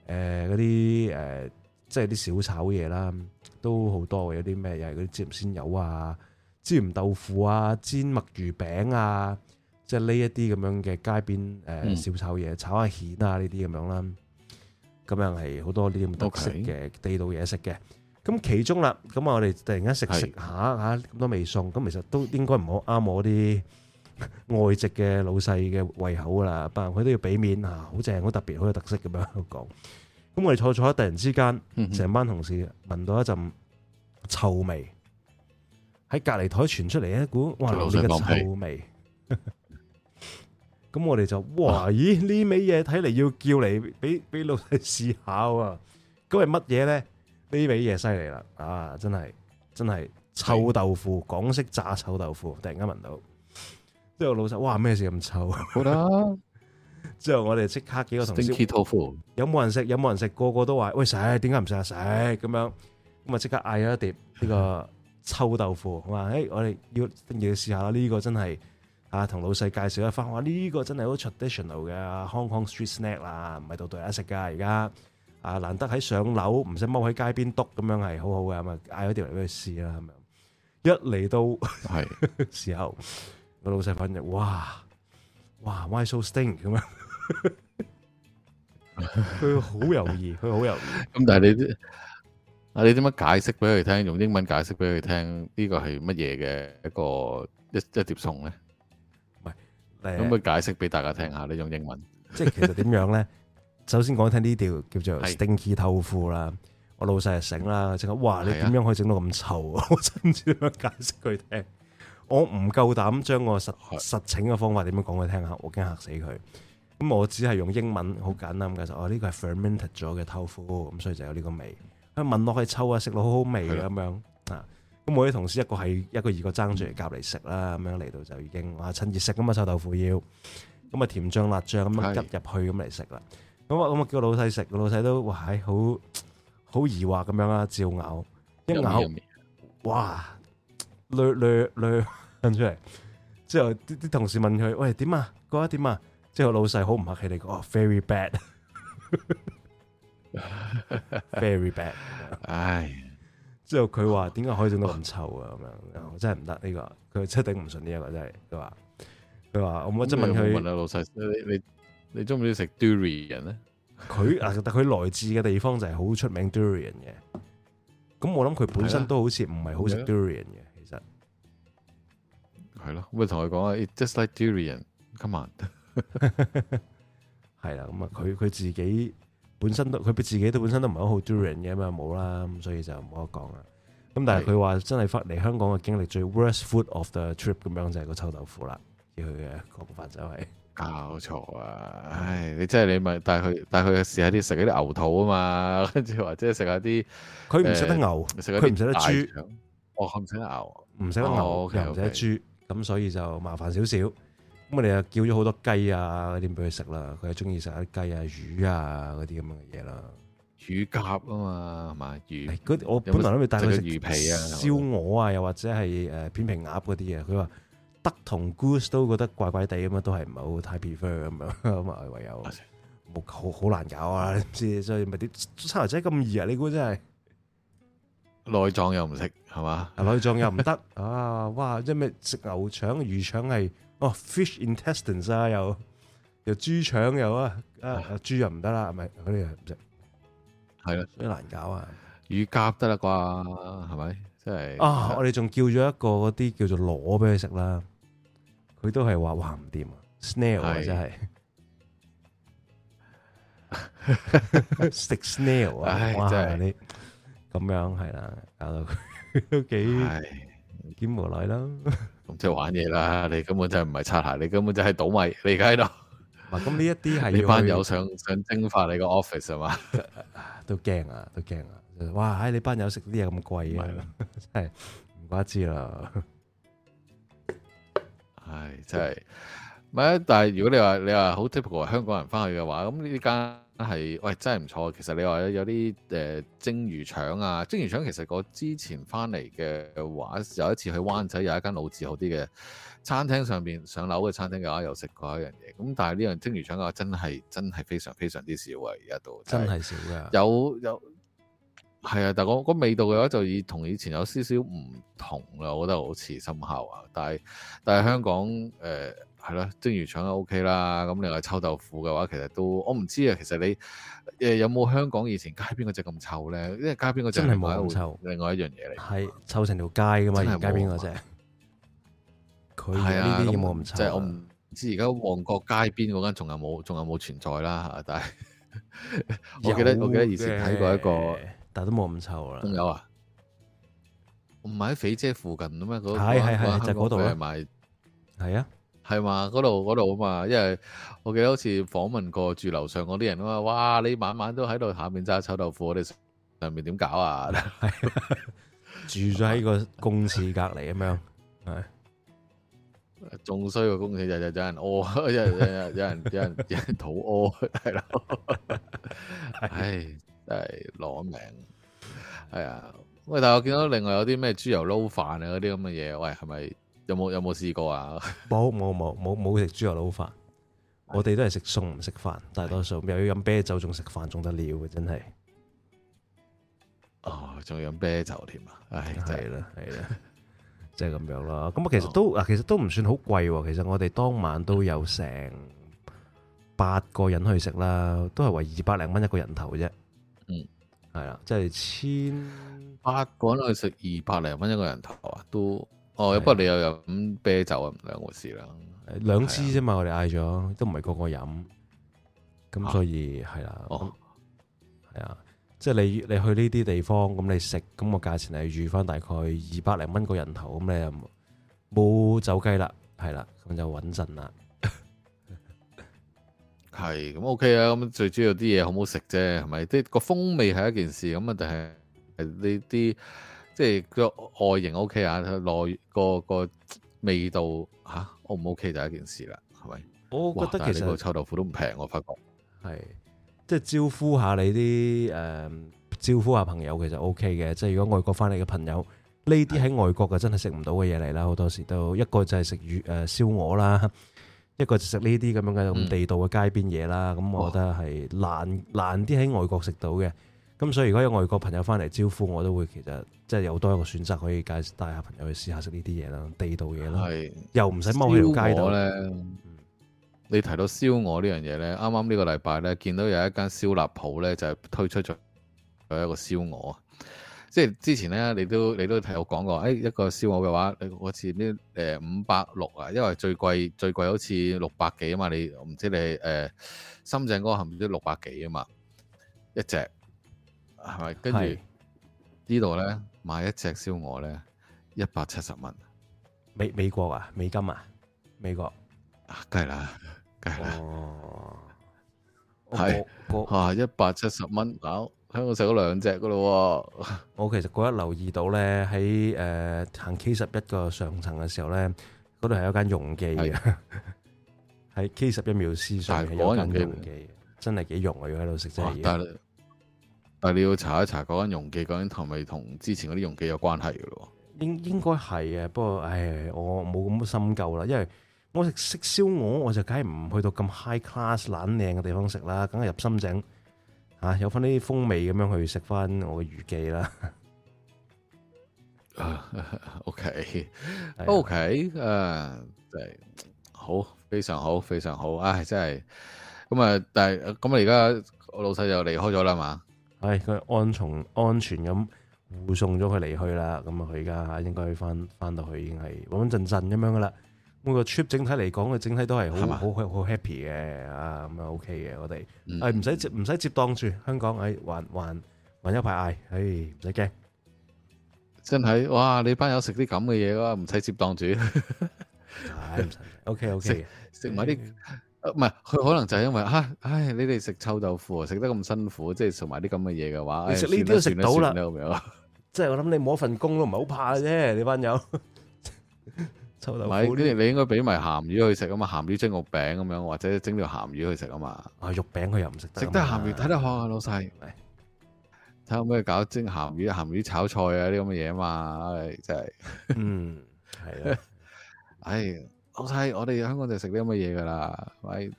誒嗰啲誒即係啲小炒嘢啦、啊，都好多嘅。有啲咩又係啲椒鮮油啊。煎豆腐啊，煎墨魚餅啊，即係呢一啲咁樣嘅街邊誒小炒嘢，嗯、炒下蜆啊呢啲咁樣啦，咁樣係好多呢啲咁特色嘅地道嘢食嘅。咁 Okay. 其中啦，咁我哋突然間食食下吓咁多味餸，咁是其實都應該唔好啱我啲外籍嘅老細嘅胃口噶啦，但佢都要俾面吓，好、啊、正，好特別，好有特色咁樣去講。咁我哋坐坐一坐突然之間，成班同事聞到一陣臭味。嗯喺隔籬台傳出嚟一股哇，呢個臭味，咁我哋就哇，咦呢味嘢，睇嚟要叫你俾俾老細試下啊！咁係乜嘢咧？呢味嘢犀利啦！啊，真係真係臭豆腐，港式炸臭豆腐，突然間聞到，之後老細哇咩事咁臭？之後我哋即刻幾個同事，有冇人食？有冇人食？個個都話喂食，點解唔食啊食？咁樣咁啊即刻嗌咗一碟呢個。臭豆腐，咁啊，誒，我哋要要試下啦，呢個真係啊，同老細介紹一番，話呢個真係好 traditional 嘅 Hong Kong street snack 啦，唔係度度人食噶，而家啊，難得喺上樓，唔使踎喺街邊篤，咁樣係好好噶，咁啊嗌咗啲嚟，俾佢試啦，咁樣一嚟到係時候，個老細反正，哇哇 why so stink 咁樣，佢好猶豫，佢好猶豫，咁但係你啲。啊！你點樣解釋俾佢聽？用英文解釋俾佢聽，呢個係乜嘢嘅一個一一碟餸咧？唔係，有冇解釋俾大家聽下呢種英文？即係其實點樣咧？首先講聽呢條叫做 stinky 豆腐啦，我老細係醒啦，即係哇！你點樣可以整到咁臭？我真唔知點樣解釋佢聽。我唔夠膽將我實實情嘅方法點樣講佢聽啊！我驚嚇死佢。咁我只係用英文好簡單咁解釋，我呢個係 fermented 咗嘅豆腐，咁所以就有呢個味。佢聞落去臭啊，食落好好味啊，咁是的 樣啊，咁我啲同事一個係一個二個爭住嚟夾嚟食啦，咁樣嚟到就已經哇、啊、趁熱食咁啊臭豆腐要，咁啊甜醬辣醬咁樣夾入是的 去咁嚟食啦，咁啊咁啊叫老細食，老細都哇唉好好疑惑咁樣啊，照咬一咬，嗯嗯嗯、哇濾濾濾噴出嚟，之後啲啲同事問佢喂，點啊，嗰一點啊，之後老細好唔客氣你講，very bad。 Very bad，唉，之後佢話點解可以整到咁臭啊？咁樣真係唔得呢個，佢真係頂唔順呢一個真係。佢話佢話我唔好問佢，老細，你你中唔中意食 durian 咧？佢啊，但佢來自嘅地方就係好出名 durian 嘅。咁我諗佢本身都好似唔係好食 durian 嘅，其實係咯。我同佢講啊，just like durian，come on，係啦。咁啊，佢佢自己。本身都佢俾自己都本身都唔係好好 during 嘅嘛，冇啦，咁所以就唔好講啦。咁但係佢話真係翻嚟香港嘅經歷最 worst food of the trip，咁樣就係個臭豆腐啦，佢嘅部分就係、是。搞錯啊！唉，你真係你咪帶佢帶佢去試下啲食啲牛肚啊嘛，跟住或者係食下啲佢唔食得牛，佢唔食得豬。我唔食得牛，唔食得牛、哦、okay, okay. 又唔食得豬，咁所以就麻煩少少。咁我哋又叫咗好多雞啊嗰啲俾佢食啦，佢又中意食啲雞啊、魚啊嗰啲咁樣嘅嘢啦。魚夾啊嘛，係嘛魚。嗰我本來諗住帶佢食魚皮啊、燒鵝啊，又或者係誒片皮鴨嗰啲嘅。佢話得同 goose 都覺得怪怪地咁啊，都係唔係好太 prefer 咁樣。咁啊唯有冇好好難搞啊！知所以咪啲細路仔咁易啊？你估真係內臟又唔食係嘛？內臟又唔得啊！哇！即係咩食牛腸、魚腸係？哦，fish intestines 啊，又又豬腸又啊，啊豬又唔得啦，係咪嗰啲又唔食？係啦，所以難搞啊。魚甲得啦啩，係咪？即係啊！我哋仲叫咗一個嗰啲叫做螺俾佢食啦，佢都係話哇唔掂。snail 啊真係食 snail 啊，哇真係你咁樣係啦，搞到都幾堅無奈啦。咁即係玩嘢啦！你根本就唔係擦鞋，你根本就係倒米。你而家喺度，咁呢一啲係你班友想想蒸發你個 office 係嘛？都驚啊，都驚啊！哇，唉、哎，你班友食啲嘢咁貴啊，真係唔怪得之啦。係真係，唔係？但係如果你話你話好 typical 香港人翻去嘅話，咁呢啲間。係喂，真係唔錯。其實你話有啲誒、呃、蒸魚腸啊，蒸魚腸其實我之前翻嚟嘅話，有一次去灣仔有一間老字號啲嘅餐廳，上邊上樓嘅餐廳嘅話，有食過一樣嘢。咁但係呢樣蒸魚腸嘅、啊、話，真係真係非常非常之少啊！而家都真係少㗎。有有係啊，但係、那、我個味道嘅話就已同以前有少少唔同啦。我覺得好似深刻啊！但係但係香港誒。呃係咯，蒸魚腸都 OK 啦。咁另外，臭豆腐嘅話，其實都我唔知啊。其實你誒有冇香港以前街邊嗰隻咁臭咧？因為街邊嗰隻真係冇咁臭。另外一樣嘢嚟，係臭成條街噶嘛？街邊嗰隻？佢係的啊，呢啲冇咁臭？即係我唔知而家旺角街邊嗰間仲有冇，仲有冇存在啦？但係 我記得的我記得以前睇過一個，但係都冇咁臭啦。仲有啊？唔係喺肥姐附近啊咩？嗰、嗰個係係係就嗰度啊？係啊。係嘛？嗰度嗰度啊嘛，因為我記得好似訪問過住樓上嗰啲人啊嘛，哇！你晚晚都喺度下面炸臭豆腐，我哋上面點搞啊？住咗喺個公廁隔籬咁樣，係仲衰過，公廁日日有人屙，有有有人有人有人肚屙，係咯，唉，真係攞命。係啊，喂，但係我見到另外有啲咩豬油撈飯啊嗰啲咁嘅嘢，喂，係咪？有冇有冇試過啊？冇冇冇冇冇食豬油撈飯，飯的我哋都係食餸唔食飯，大多數的又要飲啤酒，仲食飯仲得了嘅真係。哦，仲飲啤酒添啊！唉，係啦係啦，即係咁樣啦。咁啊，其實都啊，其實都唔算好貴。其實我哋當晚都有成八個人去食啦，都係為二百零蚊一個人頭啫。嗯，係啦，即係千八個人去食二百零蚊一個人頭啊，都。哦，不過你又有啤酒啊，兩回事啦。兩支啫嘛，啊、我哋嗌咗，都唔係個個飲。咁所以係啦，係啊，即係你你去呢啲地方，咁你食咁、個價錢係預翻大概二百零蚊個人頭，咁你冇走雞啦，係啦、啊，咁就穩陣啦。係 咁 OK 啊，咁最主要啲嘢好唔好食啫，係咪？啲、個風味係一件事，咁啊、就係，定係係呢啲。即係個外形 OK 啊，內個個味道嚇 O 唔 O K 就一件事啦，係咪？我覺得其實臭豆腐都唔平，我發覺係即係招呼下你啲誒、嗯、招呼下朋友其實 OK 嘅，即係如果外國翻嚟嘅朋友呢啲喺外國嘅真係食唔到嘅嘢嚟啦，好是多時都一個就係食魚誒、呃、燒鵝啦，一個就食呢啲咁樣嘅咁地道嘅街邊嘢啦，咁、嗯、我覺得係難難啲喺外國食到嘅。咁、嗯、所以如果有外國朋友翻嚟招呼我，我都會其實即係有多一個選擇可以介帶下朋友去試下食呢啲嘢啦，地道嘢啦，又唔使踎喺條街咧。嗯、你提到燒鵝這件事呢樣嘢咧，啱啱呢個禮拜咧見到有一間燒臘鋪咧就是、推出咗有一個燒鵝，即係之前咧你都你都提到我講過，誒、哎、一個燒鵝嘅話，你好似咩五百六啊，呃、500, 600, 因為最貴最貴好似六百幾啊嘛，你唔知你誒、呃、深圳嗰個係咪都六百幾啊嘛一隻。係咪？跟住是呢度咧，買一隻燒鵝咧，一百七十蚊。美美國啊，美金啊，美國啊，梗係啦，梗係啦。係哇、哦，一百七十蚊，搞、哦啊、香港食咗兩隻噶咯。我其實嗰日留意到咧，喺誒、呃、行 K 十一個上層嘅時候咧，嗰度係有間鏞記嘅。喺是 K 十是一秒市上係有間鏞記，實真係幾容啊！要喺度食真係。哇但係你要查一查嗰間容記，究竟同咪同之前嗰啲容記有關係嘅咯？應應該係啊，不過誒，我冇咁深究啦，因為我食食燒鵝，我就梗係唔去到咁 high class 懶靚嘅地方食啦，梗係入深井嚇、啊，有翻啲風味咁樣去食翻我嘅魚記啦。OK OK 啊，真係好，非常好，非常好。唉、哎，真係咁啊，但係咁啊，而家我老細就離開咗啦嘛。係佢安從安全咁護送咗佢離去啦，咁啊佢而家應該翻翻到去已經係穩穩陣陣咁樣噶啦。咁個 trip 整體嚟講，佢整體都係好好好 happy 嘅啊，咁啊 OK 嘅。我哋誒唔使唔使接檔住香港，誒還還還一排嗌，誒唔使驚。真係哇！你班友食啲咁嘅嘢啊，唔使接檔住。係，OK OK。食埋啲。唔係，佢、啊、可能就係因為吓、啊，唉，你哋食臭豆腐食得咁辛苦，即係做埋啲咁嘅嘢嘅話，食呢啲都食到啦，咁了樣，即係我諗你冇一份工都唔係好怕嘅啫，你班友。 臭豆腐呢，你應該俾埋鹹魚去食啊嘛，鹹魚蒸肉餅咁樣，或者整條鹹魚去食啊嘛。啊，肉餅佢又唔食得，食得鹹魚睇得開啊，啊啊老細闆。睇下可唔可以搞蒸鹹魚、鹹魚炒菜啊啲咁嘅嘢啊嘛，哎、真係。嗯，係咯。 哎呀。老細，我哋香港就食啲咁嘅嘢噶啦，喂，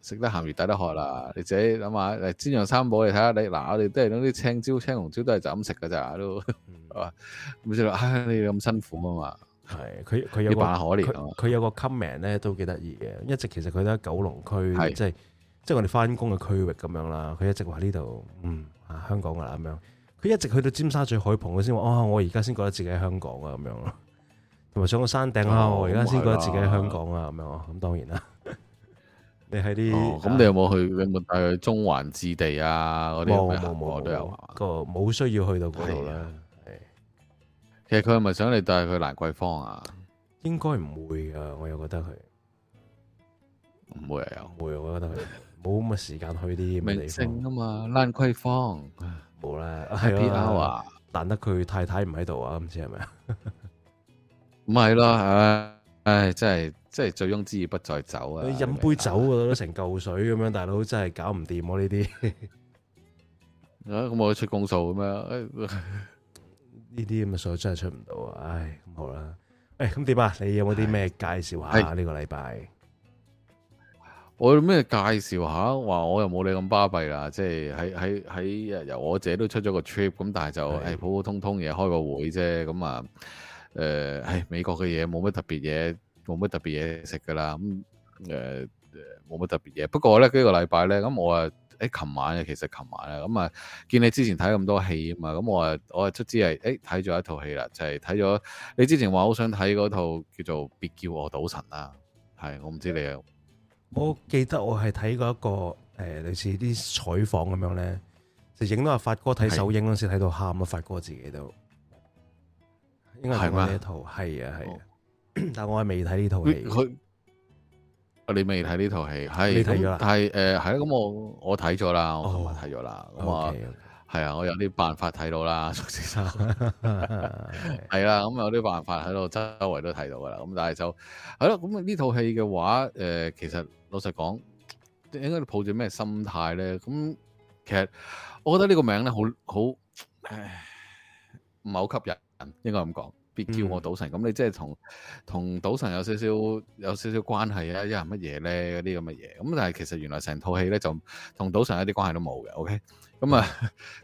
食得鹹魚抵得渴啦。 你自己諗下，嚟煎羊三寶你睇下你，嗱我哋都係攞啲青椒、青紅椒都係就咁食噶咋都，係知冇事啦，你咁辛苦啊嘛。係，佢佢有話可憐佢有個 comment 咧都幾得意嘅，一直其實佢都喺九龍區，即係即係我哋翻工嘅區域咁樣啦。佢一直話呢度嗯啊香港噶啦咁樣。佢一直去到尖沙咀海旁，佢先話，啊我而家先覺得自己喺香港啊咁樣咯。咪上個山頂啊！我而家先覺得自己喺香港啊，咁樣哦。咁當然啦，你喺啲咁，你有冇去？有冇帶去中環置地啊？嗰啲咩啊？都有啊。個冇需要去到嗰度啦。其實佢係咪想你帶佢去蘭桂坊啊？應該唔會啊，我又覺得佢唔會啊，唔會。我覺得佢冇咁嘅時間去啲名勝啊嘛。蘭桂坊，冇啦。係邊度啊？難得佢太太唔喺度啊，唔知係咪啊？唔係咯，係唉，真係真係醉翁之意不在酒啊！你飲杯酒都成嚿水咁樣，大佬真係搞唔掂，啊，我呢啲咁我出公數咁樣，呢啲咁嘅數真係出唔到啊！唉，咁好啦，誒，咁點啊？你有冇啲咩介紹下呢個禮拜？我有咩介紹下？話我又冇你咁巴閉啦，即係喺喺喺由我自己都出咗個 trip，咁但係就誒普普通通嘢，開個會啫，咁啊。誒，唉、呃、哎，美國嘅嘢冇乜特別嘢，冇乜特別嘢食噶啦，咁、嗯、誒，冇乜、嗯、特別嘢。不過咧呢、這個禮拜咧，咁我啊，誒、欸，琴晚啊，其實琴晚啊，咁、嗯、啊，見你之前睇咁多戲啊嘛，咁我啊，我啊出資係誒睇咗一套戲啦，就係睇咗你之前話好想睇嗰套叫做《別叫我賭神啊》啦，係我唔知你有。我記得我係睇過一個誒、呃、類似啲採訪咁樣咧，就影到阿發哥睇首映嗰時喺度喊啊，發哥自己都。應該呢套係嗎啊，係啊，嗯、但係我係未睇呢套戲。佢，你未睇呢套戲？係你睇咗係誒，係啊，咁、呃、我我睇咗啦，我睇咗啦。我係啊，我有啲辦法睇到啦，蘇先生。係啊，咁有啲辦法喺度周圍都睇到噶啦。咁但係就係咯，咁呢套戲嘅話，誒、呃，其實老實講，應該抱住咩心態咧？咁其實我覺得呢個名咧，好好唔係好吸引。應該咁講，別叫我賭神。咁你即係同同賭神有少少有少少關係啊？一係乜嘢咧？嗰啲咁嘅嘢。咁但係其實原來成套戲咧就同賭神一啲關係都冇嘅。OK。咁啊，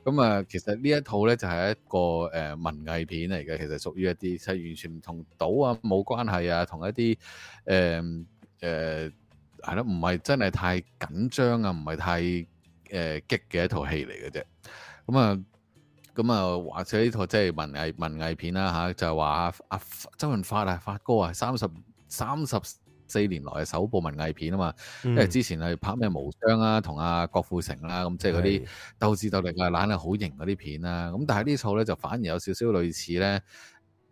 咁啊，其實呢一套咧就係一個誒文藝片嚟嘅。其實屬於一啲，即係完全唔同賭啊冇關係啊，同一啲誒誒係咯，唔係真係太緊張啊，唔係太誒激嘅一套戲嚟嘅啫。咁啊。咁、嗯、啊，或者呢套即係文藝文藝片啦就係話阿阿周潤發啊，發哥啊，三十三十四年來首部文藝片啊嘛，嗯、因為之前係拍咩無雙啊，同阿、啊、郭富城啦、啊，咁即係嗰啲鬥智鬥力啊，懶係好型嗰啲片啦、啊。咁但係呢套咧就反而有少少類似咧、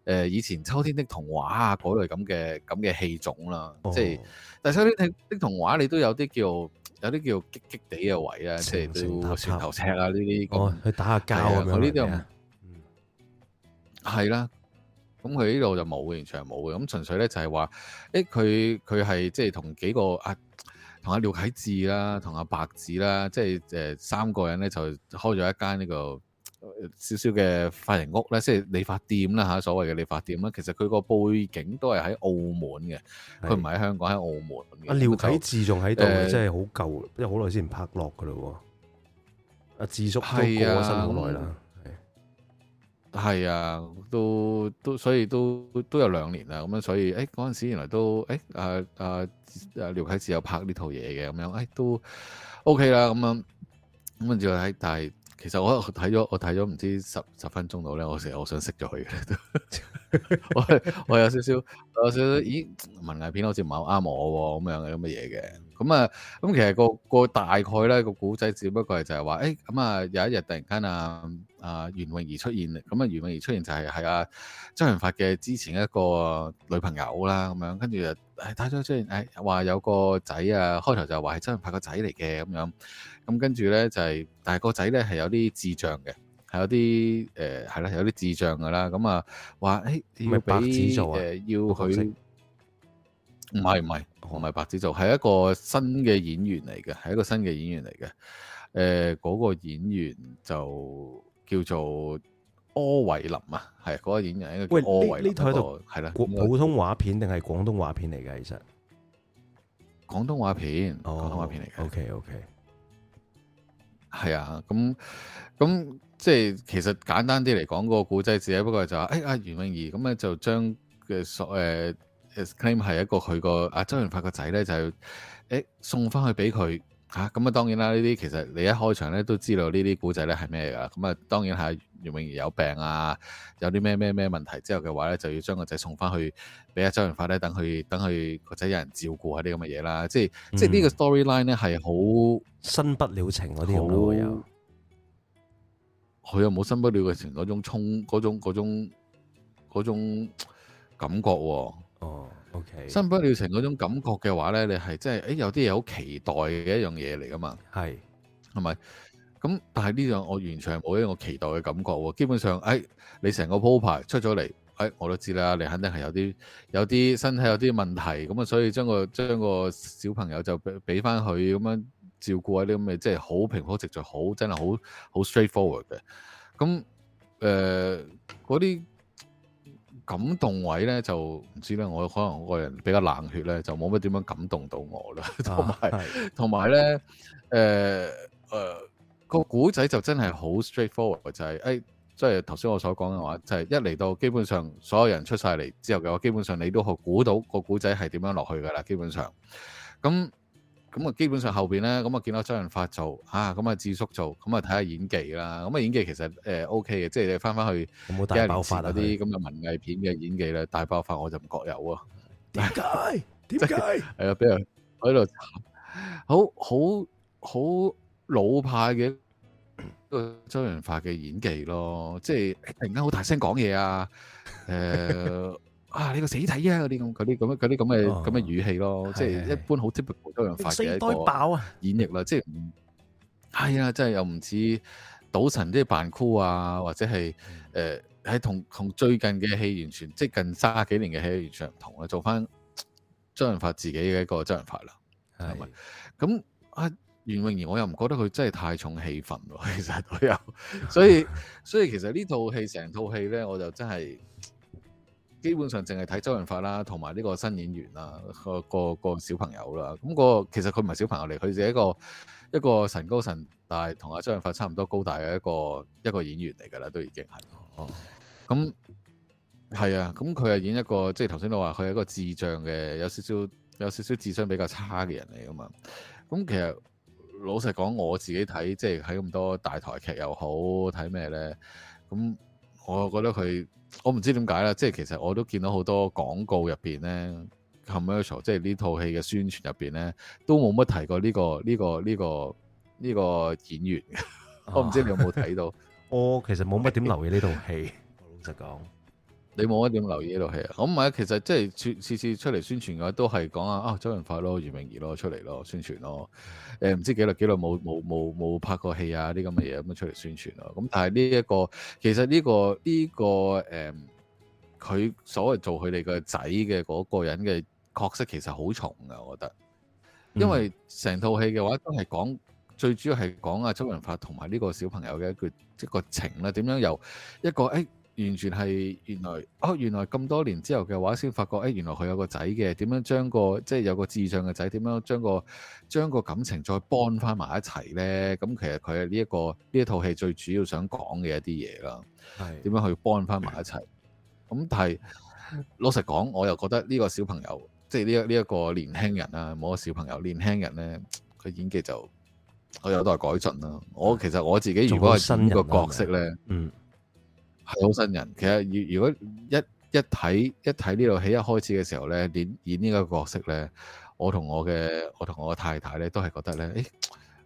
呃，以前秋天的童話啊嗰類咁嘅咁嘅戲種啦、啊。哦、即係但係秋天的的童話你都有啲叫。有啲叫激激地嘅位啊，即係叫船頭石啊呢啲咁，去打下交咁樣啦。嗯，係啦，咁佢呢度就冇嘅，完全係冇嘅。咁純粹咧就係話，誒佢佢係即係同幾個啊，同阿廖啟智啦，同阿白智啦，即係誒三個人咧就開咗一間呢、呢個。少少嘅髮型屋咧，即係理髮店啦嚇，所謂嘅理髮店啦，其實佢個背景都係喺澳門嘅，佢唔係喺香港，喺澳門。阿廖啟智仲喺度嘅，真係好舊，即係好耐先拍落嘅咯喎。阿智叔都過身好耐啦，係係啊，都都所以都都有兩年啦，咁樣所以誒嗰陣時原來都誒啊啊啊廖啟智有拍呢套嘢嘅，咁樣誒都 OK 啦，咁樣咁就喺但係。其實我睇咗，我睇咗唔知十十分鐘到呢。我成我想熄咗佢嘅。我有少少，有少少，咦，文藝片好似唔係啱我咁樣嘅咁嘢嘅。咁啊，咁、嗯嗯、其實個個大概咧個古仔，只不過係就係話，咁、欸、啊、嗯，有一日突然間啊啊袁詠儀出現，咁、嗯、啊袁詠儀出現就係、是、係啊，周潤發嘅之前一個女朋友啦，咁樣跟住誒突然之間出現，話、欸、有個仔啊，開頭就話話係周潤發個仔嚟嘅咁樣，咁跟住咧就係、是，但係個仔咧係有啲智障嘅，係有啲誒係啦，有啲智障噶啦，咁啊話誒，要做嘅、呃，要佢。唔係唔係，唔係白紙做，係一個新嘅演員嚟嘅，係一個新嘅演員嚟嘅。誒、呃，嗰、嗰個演員就叫做柯偉林啊，係嗰、嗰個演員應該。喂，呢呢套喺度係啦，普通話片定係廣東話片嚟嘅？其實廣東話片，廣東話片嚟嘅。Oh, OK OK，係啊，咁咁即係其實簡單啲嚟講，嗰個古仔字不過就係、是，誒、哎、啊袁詠儀咁咧就將嘅所誒。呃 claim 係一個佢個阿周潤發個仔咧就誒送翻去俾佢吓咁啊當然啦呢啲其實你一開場咧都知道呢啲古仔咧係咩噶咁啊當然係袁詠儀有病啊有啲咩咩咩問題之後嘅話咧就要將個仔送翻去俾阿周潤發咧等佢等佢個仔有人照顧下啲咁嘅嘢啦即係、嗯、即係呢個 storyline 咧係好新不了情嗰啲咯又佢又冇新不了嘅情嗰種衝嗰種種種,種,種感覺喎、啊？哦，OK，《新不了情》嗰種感覺嘅話咧，你係真係，誒，有啲嘢好期待嘅一樣嘢嚟㗎嘛？係是，係咪？咁但係呢樣我完全冇一個期待嘅感覺喎、哦。基本上，誒、哎，你成個鋪排出咗嚟，誒、哎，我都知啦，你肯定係有啲有啲身體有啲問題，咁啊，所以將個將個小朋友就俾俾翻佢咁樣照顧下啲咁嘅，即係好平鋪直敘、好真係好好 straightforward 嘅。咁誒，嗰啲。呃感動位咧就唔知咧，我可能我個人比較冷血咧，就冇乜點樣感動到我啦。同埋同埋咧，誒誒個古仔就真係好 straightforward 嘅，就係、是、誒，即係頭先我所講嘅話，就係、是、一嚟到基本上所有人出晒嚟之後嘅話，基本上你都可估到個古仔係點樣落去噶啦，基本上咁。咁啊，基本上後邊咧，咁啊見到周潤發做，吓咁啊智叔做，咁啊睇下演技啦。咁、那、啊、個、演技其實誒、呃、OK 嘅，即係你翻翻去一零年嗰啲咁嘅文藝片嘅演技咧，大爆，啊、大爆發我就唔覺有喎、啊。點解？點解？係、 就是、啊，比如我喺度，好好好老派嘅周潤發嘅演技咯，即係突然間好大聲講嘢啊，誒、呃。 啊！你個死體啊！嗰啲咁、啲咁、啲咁嘅咁嘅語氣咯，哦、即係一般好 typical 周潤發嘅一個演繹啦，即係，唔係、哎、啊，即係又唔似賭神啲扮酷啊，或者係誒喺同同最近嘅戲完全即係近卅幾年嘅戲完全唔同啦，做翻周潤發自己嘅一個周潤發啦，係咪是？咁阿、啊、袁詠儀，我又唔覺得佢真係太重氣氛喎，其實都有，所以、嗯、所以，所以其實這戲整戲呢套戲成套戲咧，我就真係。基本上淨係睇周潤發啦，同埋呢個新演員啊，個個個小朋友啦。咁個其實佢唔係小朋友嚟，佢就係一個一個神高神大，同阿周潤發差唔多高大嘅一個一個演員嚟噶啦，都已經係。哦，咁係啊，咁佢係演一個，即係頭先都話佢係一個智障嘅，有少少有少少智商比較差嘅人嚟噶嘛。咁其實老實講，我自己睇即係喺咁多大台劇又好，睇咩咧？咁我覺得佢。我唔知點解啦，即係其實我都見到好多廣告入邊咧，commercial，即係呢套戲嘅宣傳入邊咧，都冇乜提過呢個呢個呢個呢個演員。我唔知你有冇睇到，啊？我其實冇乜點留意呢套戲。 老實講。你冇一點留意呢套戲啊？咁唔啊，其實即係次次出嚟宣傳嘅話都係講啊，啊周潤發咯、袁詠儀咯出嚟咯宣傳咯。誒唔知幾耐幾耐冇冇冇冇拍過戲啊？啲咁嘅嘢咁樣出嚟宣傳咯。咁但係呢一個其實呢、呢個呢、呢個誒，佢、嗯、所謂做佢哋個仔嘅嗰個人嘅角色其實好重噶，我覺得。因為成套戲嘅話都係講最主要係講啊周潤發同埋呢個小朋友嘅一句一個情啦，點樣由一個誒。哎完全係原來哦，原來咁多年之後嘅話，先發覺誒，原來佢有個仔嘅點樣將個即係有個智障嘅仔點樣將個將個感情再幫翻埋一齊呢？咁、嗯、其實佢呢、這個、一個呢一套戲最主要想講嘅一啲嘢啦，係點樣去幫翻埋一齊？咁但係老實講，我又覺得呢個小朋友即係呢一呢一個年輕人啊，冇個小朋友年輕人呢，佢演技就我有待改進啦。我其實我自己如果係新嘅角色呢。嗯。係好新人，其實如如果一一睇一睇呢度起一開始嘅時候咧，演演呢個角色咧，我同我嘅我同我嘅太太咧都係覺得咧，誒、欸、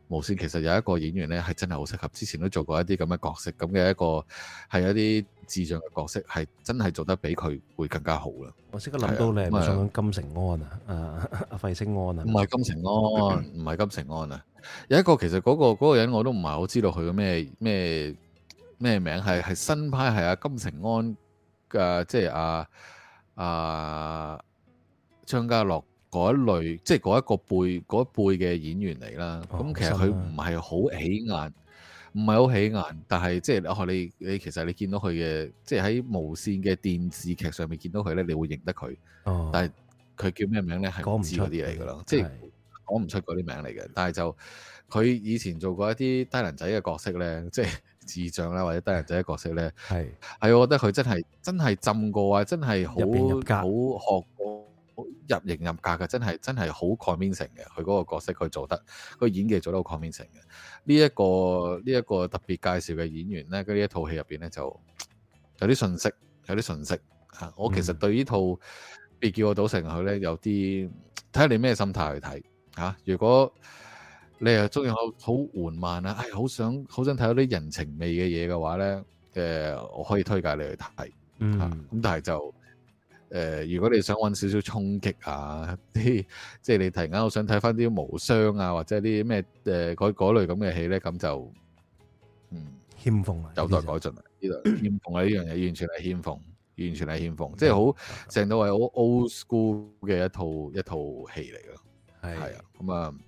無線其實有一個演員咧係真係好適合，之前都做過一啲咁嘅角色，咁嘅一個係有一啲智障嘅角色，係真係做得比佢會更加好啦。我即刻諗到你係咪想金城安啊？阿費、啊啊啊、星安啊？唔係金城安，唔係金城安啊！有一個其實嗰、那個嗰、那個人我都唔係好知道佢嘅咩咩？咩名？係係新派，係阿金城安嘅，即係阿阿張家洛嗰一類，即係嗰一個輩一輩嘅演員嚟啦。咁、哦、其實佢唔係好起眼，唔係好起眼，但係即係你，你其實你見到佢嘅，即係喺無線嘅電視劇上面見到佢咧，你會認得佢。但係佢叫咩名咧？係講唔出嗰啲嚟噶啦，即係講唔出嗰啲名嚟嘅。但係就佢以前做過一啲低能仔嘅角色咧，即、就、係、係。智障啦，或者低能仔嘅角色咧，係是、哎、我覺得佢真係真係浸過啊，真係好好學過入型入格嘅，真係真係好 convincing 嘅。佢嗰個角色，佢做得個演技做得好 convincing 嘅。呢、這、一個呢一、這個特別介紹嘅演員咧，佢呢一套戲入邊咧就有啲信息，有啲信息嚇。嗯、我其實對呢套別叫我賭神佢咧有啲，睇下你咩心態去睇嚇、啊。如果你又中意好好緩慢啊，唉、哎，好想好想睇到啲人情味嘅嘢嘅話咧，誒、呃，我可以推介你去睇。嗯，咁、啊、但係就誒、呃，如果你想搵少少衝擊啊，啲即係你突然間好想睇翻啲無雙啊，或者啲咩誒嗰類咁嘅戲咧，咁就嗯欠奉啦，有待改進啦。呢度欠奉啊！呢樣嘢完全係欠奉，完全係欠奉，即係好成到係好 old school 嘅一套一套，一套戲嚟咯。係係是啊，咁、嗯、啊～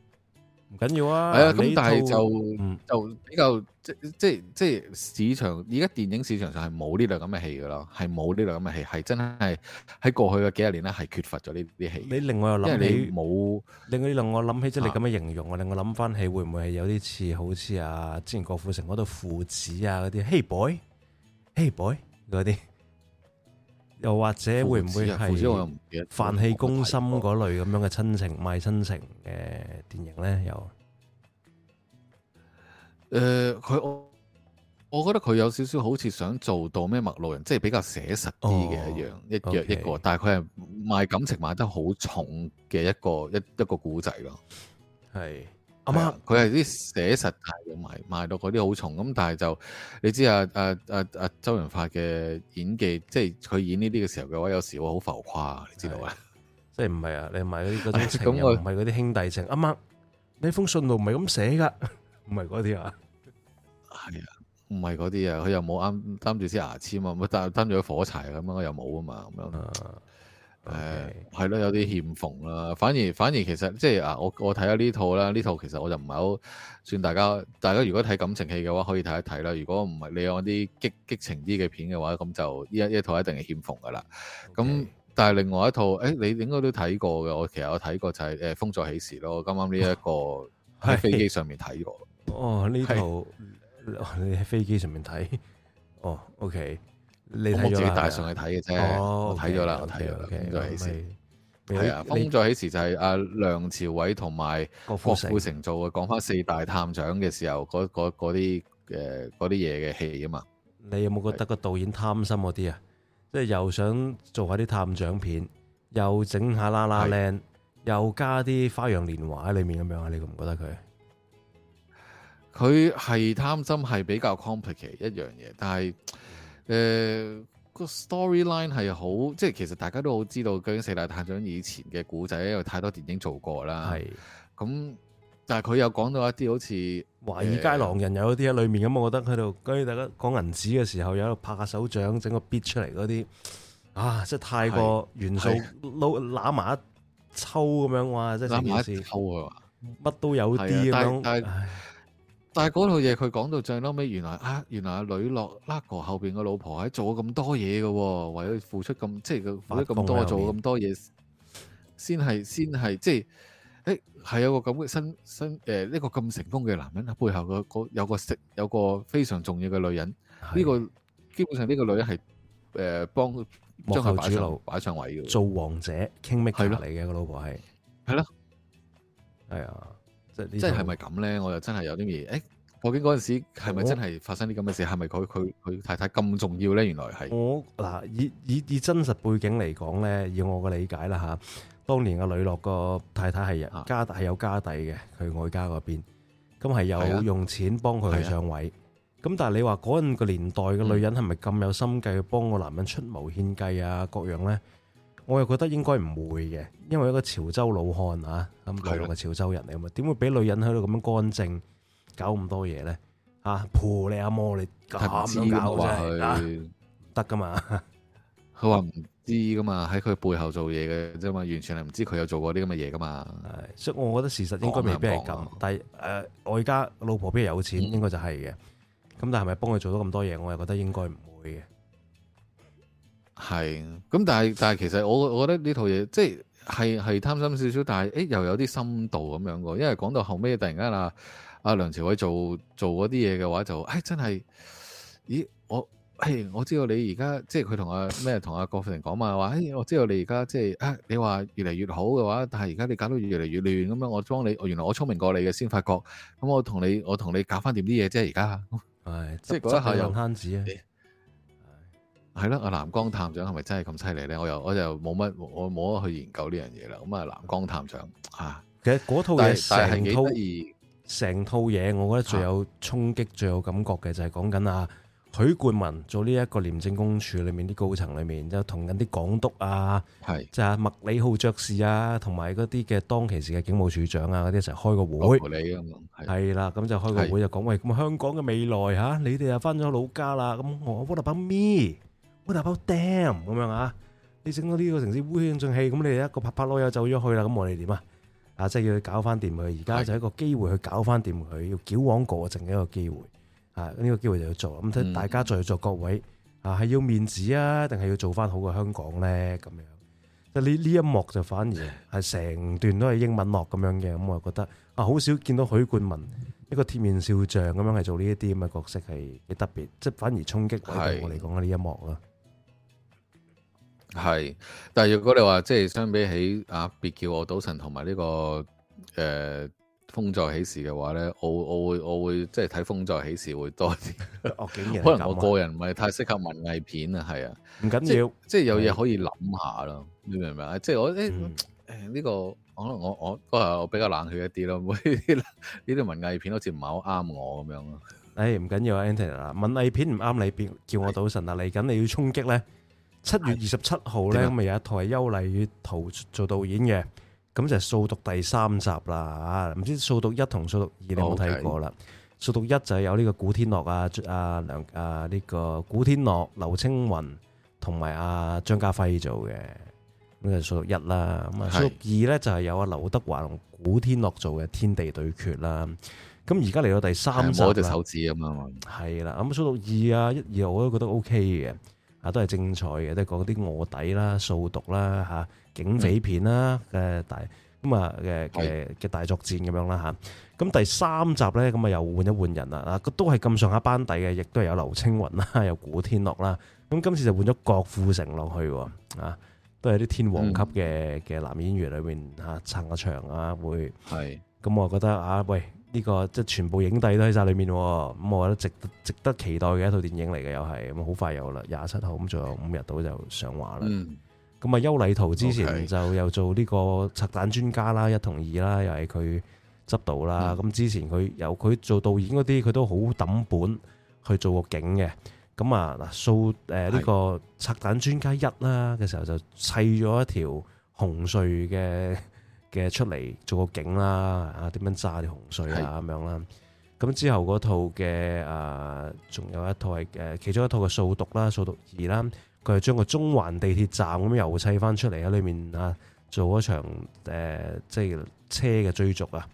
唔緊要啊，係啊，咁但係就、嗯、就比較即即即市場而家電影市場上係冇呢類咁嘅戲噶咯，係冇呢類咁嘅戲，係真係喺過去嘅幾廿年咧係缺乏咗呢啲戲。你另外又諗起冇，令你令我諗起即係、啊、你咁樣形容，令我諗翻起會唔會係有啲似好似啊之前郭富城嗰度父子啊嗰啲 Hey Boy Hey Boy 嗰啲。又或者會唔會係凡氣攻心嗰類咁樣嘅親情賣親情嘅電、啊、電影呢？有？誒、呃，佢我我覺得佢有少少好似想做到咩陌路人，即、就、係、是、比較寫實啲嘅一樣，哦、一約一個，okay. 但係佢係賣感情賣得好重嘅一個一一個故仔咯。係。阿媽，佢係啲寫實帶，又賣到嗰啲好重。咁但係就你知啊，啊啊啊周潤發嘅演技，即係佢演呢啲嘅時候嘅話，有時會好浮誇、啊、的你知道啊？即係唔係啊？你賣嗰啲嗰種情唔係嗰啲兄弟情。阿、啊、媽，呢封信度唔係咁寫噶，唔係嗰啲啊？係啊，唔係嗰啲啊，佢又冇啱擔住支牙籤啊，擔住啲火柴咁啊，又冇啊嘛，咁樣啦。啊誒，係咯 Okay.、呃，有啲欠奉啦。反而反而其實即係啊，我我睇咗呢套啦，呢套其實我就唔係好算大家。大家如果睇感情戲嘅話，可以睇一睇啦。如果唔係你有啲激激情啲嘅片嘅話，咁就呢一一套一定係欠奉噶啦。咁 Okay. 但係另外一套，誒，你應該都睇過嘅。我其實我睇過就係、是、誒、呃《風再起時》咯。我啱啱呢一個喺飛機上面睇過。Oh, 是哦，呢套是你喺飛機上面睇？哦、oh，OK。你自己帶上去睇嘅啫，我睇咗啦，我睇咗啦。咁就起時，睇啊！風再起時就係阿梁朝偉同埋郭富城做嘅，講翻四大探長嘅時候，嗰啲誒啲嘢嘅戲啊嘛。你有冇覺得個導演貪心嗰啲啊？即係又想做下啲探長片，又整下啦啦靚，又加啲花樣年華喺裏面咁樣啊？你覺唔覺得佢？佢係貪心，係比較 complicated 一樣嘢，但係。誒個 storyline 係好，即係其實大家都好知道，究竟四大探長以前嘅古仔有太多電影做過啦。係，咁但係佢又講到一啲好似《華爾街狼人》有啲喺裏面咁，我覺得喺度，跟住大家講銀紙嘅時候，又喺度拍下手掌，整個 beat 出嚟嗰啲，啊，即係太過元素的撈攬埋的一抽咁樣哇！即係點意思？抽佢話乜都有啲咁。但係嗰套嘢佢講到最嬲尾，原來啊，原來阿女落拉哥後邊個老婆係做咗咁多嘢嘅，為咗付出咁，即係佢付出咁多，做咁多嘢，先係先係，即係，誒，係有個咁嘅新新誒，呢個咁成功嘅男人背後個個有個食有個非常重要嘅女人，呢個基本上呢個女人係誒幫幕後主腦擺上位，做王者，King Maker 嚟嘅個老婆係係咯，係啊。即係係咪咁咧？我又真係有啲嘢，誒、欸，究竟嗰陣時係咪真係發生啲咁嘅事？係咪佢佢佢太太咁重要咧？原來係我嗱以以以真實背景嚟講咧，以我嘅理解啦嚇，當年嘅呂樂個太太係有家係有家底嘅，佢外家嗰邊，咁係有用錢幫佢去上位。咁、啊啊、但係你話嗰陣個年代嘅女人係咪咁有心計去幫個男人出謀獻計啊？各樣咧？我又覺得應該唔會嘅，因為一個潮州老漢啊，咁佢又係潮州人嚟啊嘛，點的會俾女人喺度咁樣乾淨搞咁多嘢咧？啊，你阿、啊、媽你咁樣搞佢，得噶、啊、嘛？佢話唔知噶嘛，喺佢背後做嘢嘅啫嘛，完全係唔知佢有做過啲咁嘅嘢噶嘛。所以，我覺得事實應該未必係咁，但係誒、呃，我而家老婆比較有錢，嗯、應該就係嘅。咁但係係咪幫佢做咗咁多嘢？我又覺得應該唔會嘅。係，咁但係但係，其實我我覺得呢套嘢，即係係係貪心少少，但係誒又有啲深度咁樣嘅，因為講到後尾突然間阿阿梁朝偉做做嗰啲嘢嘅話就，就、哎、誒真係，咦我誒、哎、我知道你而家即係佢同阿咩同阿郭富城講嘛，話誒、哎、我知道你而家即係啊、哎、你話越嚟越好嘅話，但係而家你搞到越嚟越亂咁樣，我裝你，原來我聰明過你嘅，先發覺，咁我同你我同你搞翻掂啲嘢即啫，而家係即係嗰下又慳子啊！係啦，阿藍剛探長係咪真係咁犀利咧？我又我又冇乜，我冇得去研究呢樣嘢啦。咁啊，藍剛探長嚇，其實嗰套嘢成套成套嘢，我覺得最有衝擊、最有感覺嘅就係講緊阿許冠文做呢一個廉政公署裏面啲高層裏面，就同緊啲港督啊，係就阿麥理浩爵士啊，同埋嗰啲嘅當其時嘅警務處長啊嗰啲一齊開個會。麥理啊，係啦，咁就開個會就講喂，咁香港嘅未來嚇，你哋又翻咗老家啦，咁我 what about me。好大包釘咁樣啊！你整到呢個城市烏煙瘴氣，咁你一個拍拍籮柚走咗去啦，咁我哋點啊？啊，即係要搞翻掂佢，而家就係一個機會去搞翻掂佢，要矯枉過正嘅一個機會啊！呢、呢個機會就要做啦。咁睇大家在座各位啊，係要面子啊，定係要做翻好過香港咧？咁樣即係呢呢一幕就反而係成段都係英文落咁樣嘅。咁我就覺得啊，好少見到許冠文 一個冷面笑匠咁樣係做呢一啲咁嘅角色係幾特別，即係反而衝擊是我嚟講嘅呢一幕咯。係，但係如果你話，即係相比起啊，別叫我賭神同埋呢個誒、呃，風再起時嘅話咧，我我會我會即係睇風再起時會多啲。我個人可能我個人唔係太適合文藝片啊，係啊，唔緊要，即係有嘢可以諗下咯，的你明唔明啊？即係我誒誒呢個可能我我嗰下我，我比較冷血一啲咯，呢啲文藝片好似唔係好啱我咁樣咯。誒唔緊要啊，Anton 啊，Ant na, 文藝片唔啱你，別叫我賭神啊，嚟緊的你要衝擊咧。七月二十七號咧，咁咪、啊、有一套邱禮濤導做導演嘅，咁就係掃毒第三集啦，吓唔知掃毒一同掃毒二你有冇睇過啦，掃 Okay. 毒一就係有呢個古天樂啊、阿、啊、梁、阿、啊、呢、這個古天樂、劉青雲同埋阿張家輝做嘅，咁就掃毒一啦，咁啊掃毒二咧就係有阿劉德華同古天樂做嘅天地對決啦，咁而家嚟到第三集，隻手指咁啊嘛，係啦，咁掃毒二啊一二我都覺得 O K 嘅。啊，都係精彩嘅，都係講啲卧底啦、掃毒啦、嚇警匪片啦嘅大咁啊嘅嘅嘅大作戰咁樣啦嚇。咁第三集咧，咁啊又換一換人啦，啊都係咁上下班底嘅，亦都係有劉青雲啦、有古天樂啦。咁今次就換咗郭富城落去喎，啊都係啲天王級嘅嘅男演員裏邊，嚇撐下場啊，會係。咁是我覺得啊，喂。呢、這個即係全部影帝都喺晒裏面，咁、嗯、我覺得值得值得期待嘅一套電影嚟嘅又係，咁好快有啦，廿七號咁仲有五日到就上畫啦。咁啊、嗯，邱禮濤之前 Okay. 就又做呢個拆彈專家啦，一同二啦，又係佢執導啦。咁、嗯、之前佢由佢做導演嗰啲，佢都好抌本去做個景嘅。咁啊，嗱、so, 呃，掃誒呢個拆彈專家一啦嘅時候就砌咗一條紅隧嘅。嘅出嚟做個景啦，啊點樣炸啲洪水啊咁的樣啦，咁之後嗰套嘅啊，仲有一套係誒、啊、其中一套嘅掃毒啦、掃毒二啦、啊，佢係將個中環地鐵站咁樣又砌翻出嚟喺裏面啊，做嗰場、啊、即係車嘅追逐啊，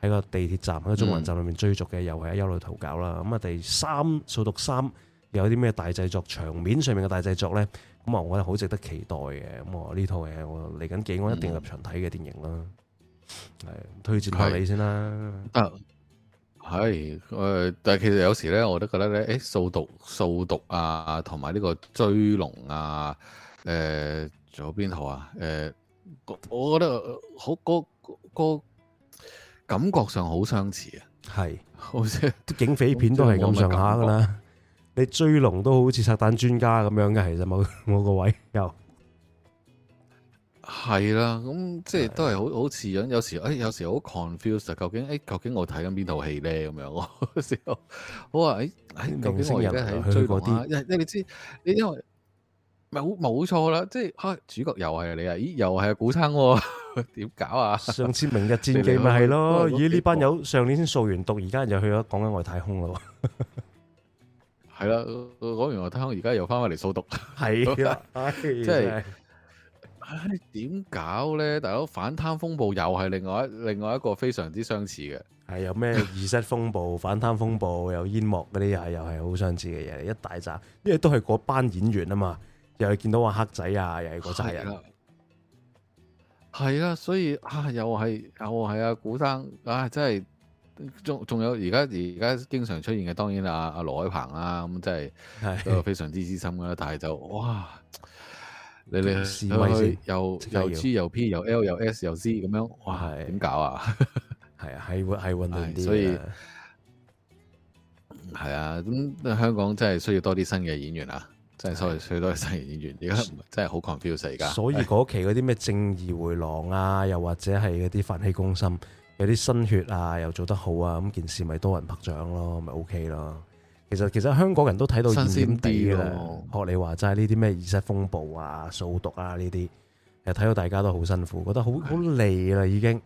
喺個地鐵站喺中環站裏面追逐嘅、嗯、又係一路逃搞啦，咁啊第三掃毒三有啲咩大製作場面上面嘅大製作咧？咁啊，我係好值得期待嘅，咁啊呢套嘢我嚟緊幾晚一定入場睇嘅電影啦，係、嗯、推薦下你先啦。啊，係，誒、呃，但係其實有時咧，我都覺得咧，誒、欸，掃毒、掃毒啊，同埋呢個追龍啊，誒、呃，仲有邊套啊？誒、呃，我我覺得、呃、好，個個感覺上好相似啊，係是，好似像啲警匪片都係咁上下㗎喇。你追龍都好似拆彈專家咁樣嘅，其實冇冇個位又係啦，咁即係都係好好似樣。有時誒，有時好 confused，究竟誒、哎，究竟我睇緊邊套戲咧？咁 樣我個時候，我話誒，究竟我而家追啲、啊？因為你知，你因為冇冇錯啦，即係、啊，主角又係你啊？咦，又係古生點、啊、 搞啊？上次《明日戰記》咪係咯？明明咦，呢班友上年先掃完毒，而家就去咗講緊外太空啦？ 係啦，講、啊、完我貪，而家又翻返嚟掃毒，係啊，即係，你點搞咧？大佬反貪風暴又係另外一另外一個非常之相似嘅，係有咩 Z 風暴、反貪風暴有煙幕嗰啲，又係又係好相似嘅嘢，一大扎，因為都係嗰班演員啊嘛，又係見到阿黑仔啊，又係嗰扎人，係啦、啊啊，所以啊，又係又係啊，古生啊，真係。仲仲有而家而家經常出現嘅，當然啦，阿盧海鵬啦，咁真係都非常之資深噶。的但係就哇，你你你去又又 G 又 P 又 L 又 S 又 C 咁樣，哇點搞啊？係啊的，係喎係啲。所以係啊。咁香港真係需要多啲新嘅演員啊！真係需要需多啲新嘅演員。而家真係好 confused 而家。的所以嗰期嗰啲咩正義迴廊啊，又或者係嗰啲飯氣攻心。有啲新血啊，又做得好啊，咁件事咪多人拍掌咯，咪 OK 咯。其實其實香港人都睇到點點地啦，學你話齋呢啲咩二式風暴啊、掃毒啊呢啲，係睇到大家都好辛苦，覺得好好膩啦已經，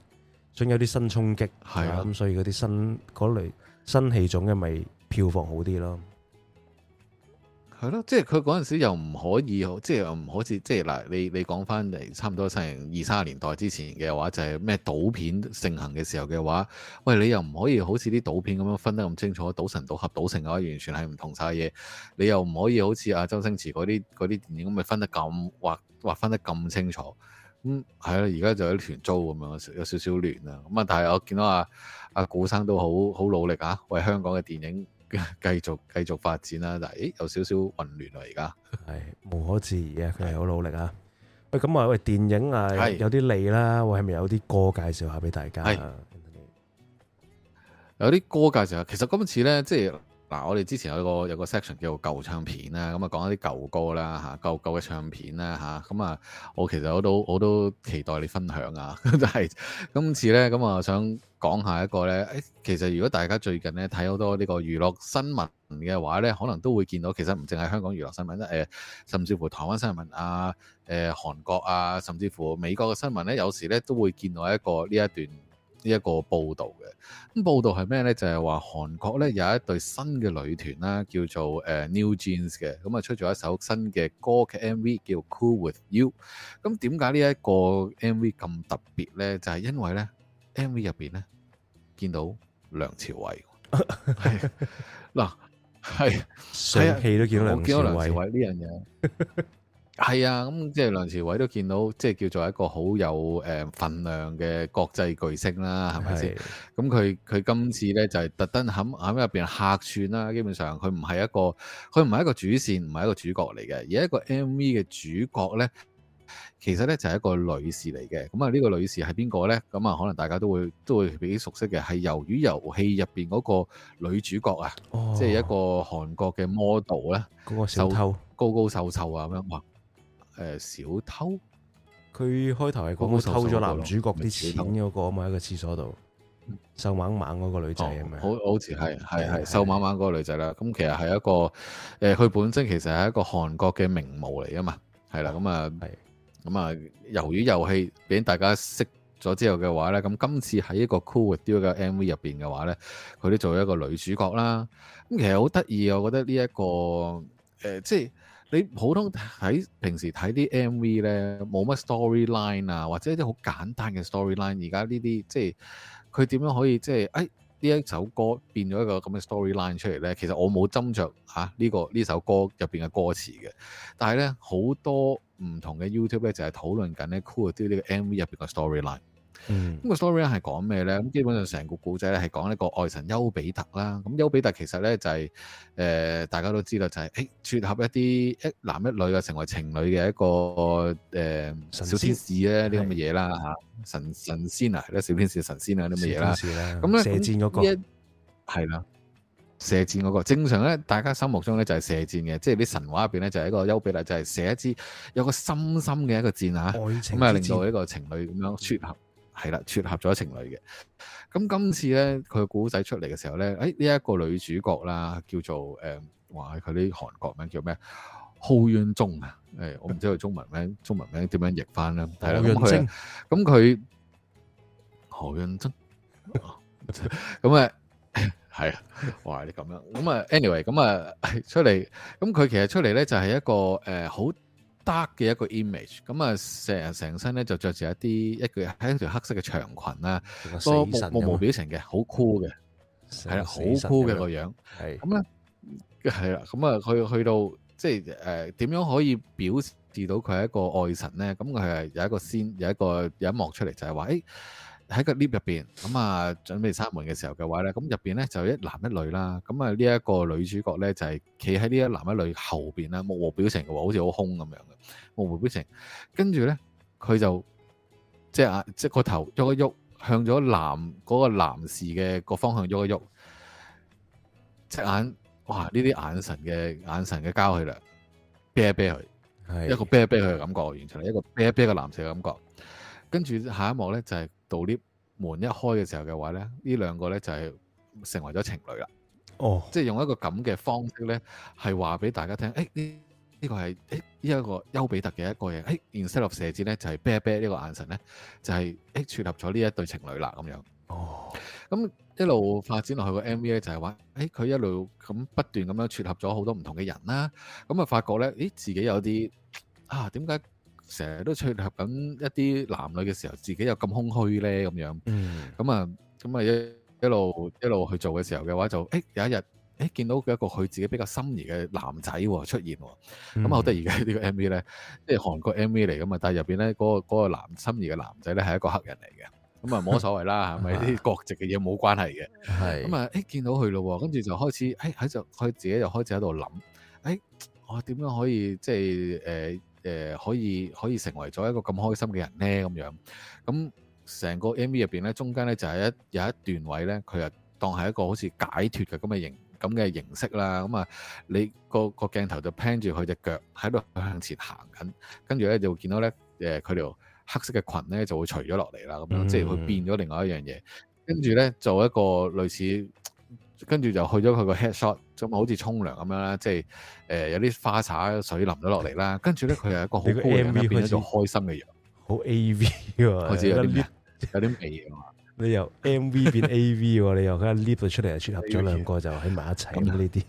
想有啲新衝擊，係啊的，咁所以嗰啲新嗰類新戲種嘅咪票房好啲咯。係咯，即係佢嗰陣時又唔可以，即係又唔好似，即係嗱，你你講翻嚟，差唔多成二三十年代之前嘅話，就係咩賭片盛行嘅時候嘅話，喂，你又唔可以好似啲賭片咁樣分得咁清楚，賭神賭合、賭俠、賭聖嘅話，完全係唔同晒嘢。你又唔可以好似阿周星馳嗰啲啲電影咁，咪分得咁劃劃分得咁清楚。嗯，係咯，而家就一團糟咁樣，有少少亂啦。咁啊，但係我見到阿阿古生都好好努力嚇、啊，為香港嘅電影。繼續繼續發展啦，但係誒有少少混亂啊，而家係無可置疑啊，佢係好努力啊。喂，咁啊喂，電影係有啲利啦，我係咪有啲歌介紹下俾大家？有啲歌介紹下，其實今次咧，即係嗱，我哋之前有個有個 section 叫做舊唱片啦，咁啊講一啲舊歌啦吓，舊舊嘅唱片啦吓，咁啊，我其實我都我都期待你分享啊。但係今次咧，咁啊想。講下一個呢，誒，其實如果大家最近咧睇好多呢個娛樂新聞嘅話呢，可能都會見到，其實唔淨係香港娛樂新聞啦，呃，甚至乎台灣新聞啊，誒、呃，韓國啊，甚至乎美國嘅新聞呢，有時呢都會見到一個呢一段呢一個報導嘅。咁報導係咩呢？就係、是、話韓國呢有一對新嘅女團啦，叫做、uh, New Jeans 嘅，咁啊出咗一首新嘅歌曲 MV 叫 Cool With You。咁點解呢一個 MV 咁特別呢？就係、是、因為呢。M V 入邊咧，見到梁朝偉，係嗱， 係上戲都見到梁朝偉呢樣嘢，係 啊，咁即係梁朝偉都見到，即係叫做一個好有誒分量嘅國際巨星啦，係咪先？咁佢佢今次咧就係特登喺喺入邊客串啦，基本上佢唔係一個，佢唔係一個主線，唔係一個主角嚟嘅，而一個 M V 嘅主角咧。其實咧就係、是、一個女士嚟嘅，咁啊呢個女士係邊個咧？咁啊，可能大家都會都會比較熟悉嘅，係《魷魚遊戲》入邊嗰個女主角啊，哦、即係一個韓國嘅 model 咧，嗰個小偷高高瘦瘦啊，咁樣誒小偷佢開頭係個偷咗男主角啲錢嗰個啊嘛，喺個廁所度瘦蜢蜢嗰個女仔係咪？好好似係係係瘦蜢蜢嗰個女仔啦。咁其實係一個誒，佢、呃、本身其實係一個韓國嘅名模嚟啊嘛，係啦，咁啊係。咁啊、嗯，由於遊戲俾大家識咗之後嘅話呢，咁今次喺一個 Cool With You 嘅 MV 入邊嘅話呢，佢都做一個女主角啦。咁、嗯、其實好得意啊，我覺得呢、這、一個誒、呃，即係你普通喺平時睇啲 MV 呢，冇乜 storyline 啊，或者一啲好簡單嘅 storyline。而家呢啲即係佢點樣可以即係誒？哎呢一首歌變咗一個咁嘅 storyline 出嚟咧，其實我冇斟酌吓呢個、啊這個呢首歌入邊嘅歌詞嘅，但係咧好多唔同嘅 YouTube 咧就係、是、討論緊咧 Cool D 呢個 MV 入邊嘅 storyline。嗯，咁個 story 咧係講咩咧？咁基本上成個古仔咧係講一個愛神丘比特啦。咁丘比特其實咧就係、是、誒、呃，大家都知道就係、是、誒、欸、撮合一啲一男一女啊成為情侶嘅一個誒、呃、仙小天使咧啲咁嘅嘢啦吓，神神仙啊，呢個小天使神仙啊呢啲嘢啦。咁咧射箭嗰、那個係啦，射箭、那個正常咧，大家心目中咧就係射箭嘅，即係啲神話入邊咧就係一個丘比特就係、是、射一支有個深深嘅一個箭吓、啊，咁啊令到一個情侶咁樣撮合。係啦，撮合咗情侶嘅。咁今次咧，佢嘅古仔出嚟嘅時候咧，哎、呢、這、一個女主角啦，叫做誒，話佢啲韓國名叫咩？浩潤中。啊，誒，我唔知佢中文名，中文名點樣譯翻咧。浩潤宗，咁佢浩潤宗，咁誒，係啊，話、 嗯哎、你咁樣。咁、嗯、啊，anyway，咁、嗯、啊出嚟，咁、嗯、佢其實出嚟咧就係一個誒好。呃很得嘅一個 image，咁啊成日成身咧就着住一啲一個係一條黑色嘅長裙啊，個死神都冇冇表情嘅，好酷嘅，係啊，好酷嘅個樣，係咁咧，係啦，咁啊佢去到即係誒點樣可以表示到佢係一個愛神咧？咁佢係有一個仙，有一個有一幕出嚟就係話誒。欸喺個 lift 入邊，咁啊，準備閂門嘅時候嘅話咧，咁入邊咧就一男一女啦，咁啊呢一個女主角咧就係企喺呢一男一女後邊啦，木無表情嘅喎，好似好空咁樣嘅，木無表情，跟住咧佢就即係啊，即係個頭喐一喐，向咗男嗰個男士嘅個方向喐一喐，隻眼哇呢啲眼神嘅眼神嘅交去啦，啤一啤佢，係一個啤一啤佢嘅感覺，完全係一個啤一啤個男士嘅感覺，跟住下一幕咧就係。到呢門一開嘅時候嘅話咧，呢兩個咧就係成為咗情侶啦。哦，oh. 即係用一個咁嘅方式咧，係話俾大家聽，誒呢呢個係誒依一個丘比特嘅一個嘢，誒而塞洛射箭咧就係啤啤呢個眼神咧，就係誒撮合咗呢一對情侶啦咁樣。哦，咁一路發展落去個 M V 咧就係、是、話，誒、哎、佢一路咁不斷咁樣撮合咗好多唔同嘅人啦，咁啊發覺咧，咦自己有啲啊點解？成日都撮合緊一啲男女嘅時候，自己又咁空虛咧咁樣。咁啊、嗯，咁啊一一路一路去做嘅時候嘅話，就誒、欸、有一日，誒、欸、見到佢一個佢自己比較心儀嘅男仔出現喎。咁啊好得意嘅呢個 MV 咧，即係韓國 MV 嚟噶嘛。但係入面咧，嗰、嗰個嗰個男心儀嘅男仔咧係一個黑人嚟嘅。咁啊冇所謂啦嚇，係咪啲 國籍嘅嘢冇關係嘅。咁啊誒見到佢咯，跟住就開始喺喺、欸、就佢自己就開始喺度諗，誒、欸、我點樣可以即係誒、呃、可以可以成為咗一個咁開心嘅人咧，咁樣咁成、嗯、個 MV 入邊咧，中間咧就係、是、一有一段位咧，佢又當係一個好似解脫嘅咁嘅形咁嘅形式啦。咁、嗯、啊，你個個鏡頭就 pan 住佢隻腳喺度向前行緊，跟住咧就會見到咧誒佢條黑色嘅裙咧就會除咗落嚟啦，咁樣、嗯、即係會變咗另外一樣嘢，跟住咧做一個類似。跟住就去咗佢個 headshot，咁好似沖涼咁樣啦，即係誒、呃、有啲花灑水淋咗落嚟啦。跟住咧佢係一個好 MV 啦，變咗個開心嘅樣，好 AV 喎。好似有啲 有啲味你由 MV 變 AV 喎，你又佢一 lift 到出嚟，撮合咗兩個就喺埋一齊啦呢啲。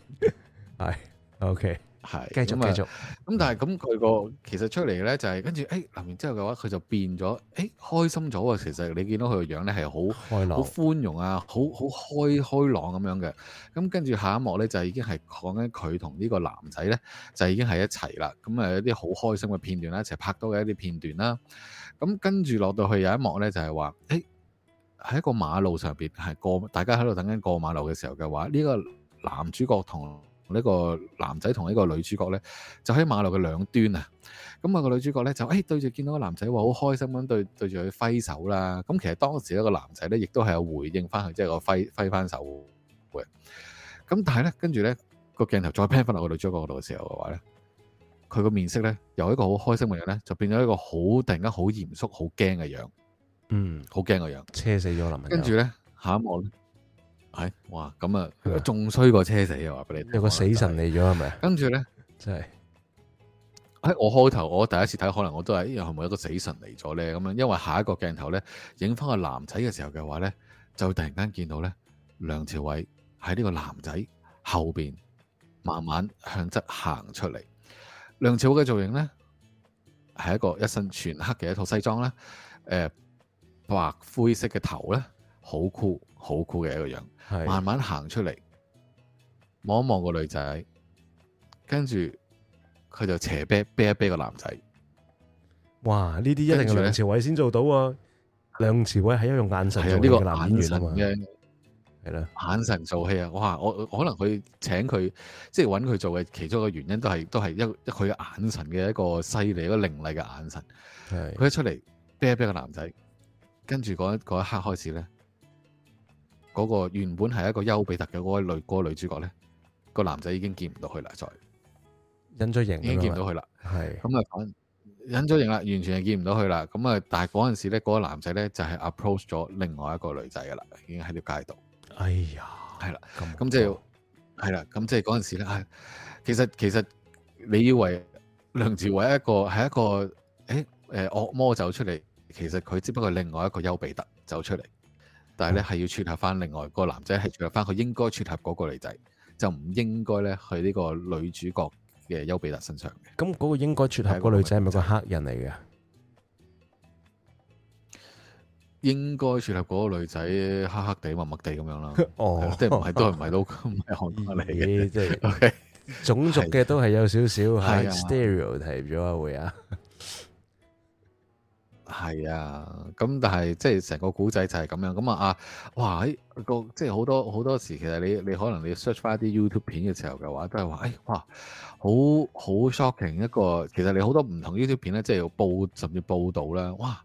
係 OK。係，繼續是繼續。咁就、嗯、但係咁佢個其實出嚟咧、就是，就係跟住，誒、欸，嗱，然之後嘅話，佢就變咗，誒、欸，開心咗啊！其實你見到佢個樣咧，係好開朗、好寬容啊，好好開開朗咁樣嘅。咁跟住下一幕咧，就已經係講緊佢同呢個男仔咧，就已經係一齊啦。咁啊，一啲好開心嘅片段啦，一齊拍到嘅一啲片段啦。咁跟住落到去有一幕咧，就係、是、話，誒、欸，喺一個馬路上邊，係過大家喺度等緊過馬路嘅時候嘅話，呢、這個男主角同。呢個男仔同呢個女主角咧，就喺馬路嘅兩端啊！咁、那、啊個女主角咧就誒、哎、對住見到個男仔話好開心咁對對住佢揮手啦！咁其實當時咧個男仔咧亦都係有回應翻佢，即係個揮揮翻手嘅。咁但係咧跟住咧個鏡頭再 pan 翻落去女主角嗰度嘅時候嘅話咧，佢個面色咧由一個好開心嘅樣咧，就變咗一個好突然間好嚴肅、好驚嘅樣。嗯，好驚嘅樣。車死咗男朋友。跟住咧，下一幕呢係，哇！咁啊，仲衰過車死啊！話俾的你，有個死神嚟咗係咪？跟住咧，真係，喺我開頭，我第一次睇，可能我都係，係咪有一個死神嚟咗咧。咁樣，因為下一個鏡頭咧，影翻個男仔嘅時候嘅話咧，就突然間見到咧，梁朝偉喺呢個男仔後邊，慢慢向側行出嚟。梁朝偉嘅造型咧，係一個一身全黑嘅一套西裝咧，誒、呃，白灰色嘅頭咧。好酷好酷嘅一個樣，係的慢慢行出嚟，望一望個女仔，跟住佢就斜啤啤一啤個男仔，哇！呢啲一定係梁朝偉先做到啊！梁朝偉係用眼神做嘅男演員係啦，這個、眼神做戲啊！哇！我，我可能佢請佢即係揾佢做嘅其中一個原因都係都係一佢嘅眼神嘅一個犀利、一個凌厲嘅眼神。係佢的一出嚟啤一啤個男仔，跟住嗰一嗰一刻開始咧。嗰個原本係一個丘比特嘅嗰位女哥、那個、女主角咧，那個男仔已經見唔到佢啦，再隱咗形，已經見唔到佢啦，係咁啊，隱咗形啦，完全係見唔到佢啦。咁啊，但係嗰陣時咧，嗰、那個男仔咧就係、是、approach 咗另外一個女仔噶啦，已經喺條街度。哎呀，係啦的，咁即係係啦，咁即係嗰陣時咧、啊，其實其實你以為梁朝偉一個係一個，誒、欸、誒、呃、惡魔走出嚟，其實佢只不過係另外一個丘比特走出嚟。但係咧，係、哦、要撮合翻另外個男仔，係撮合翻佢應該撮合嗰個女仔，就唔應該咧去呢個女主角嘅丘比特身上嘅。咁嗰、嗯嗰個應該撮合嗰個女仔，係咪個，個黑人嚟嘅？應該撮合嗰個女仔，黑黑地、默默地咁樣啦。哦，即係唔係都係唔係都唔係韓裔嚟嘅？即係 OK， 種族嘅都係有少少係 stereotype 咗啊會啊。係啊，咁但係即係成個古仔就係咁樣咁啊啊，哇！個即係好多好多時，其實你你可能你 search 翻啲 YouTube 片嘅時候嘅話，都係話誒，哇，好好 shocking 一個，其實你好多唔同 YouTube 片咧，即係要報甚至報道啦，哇！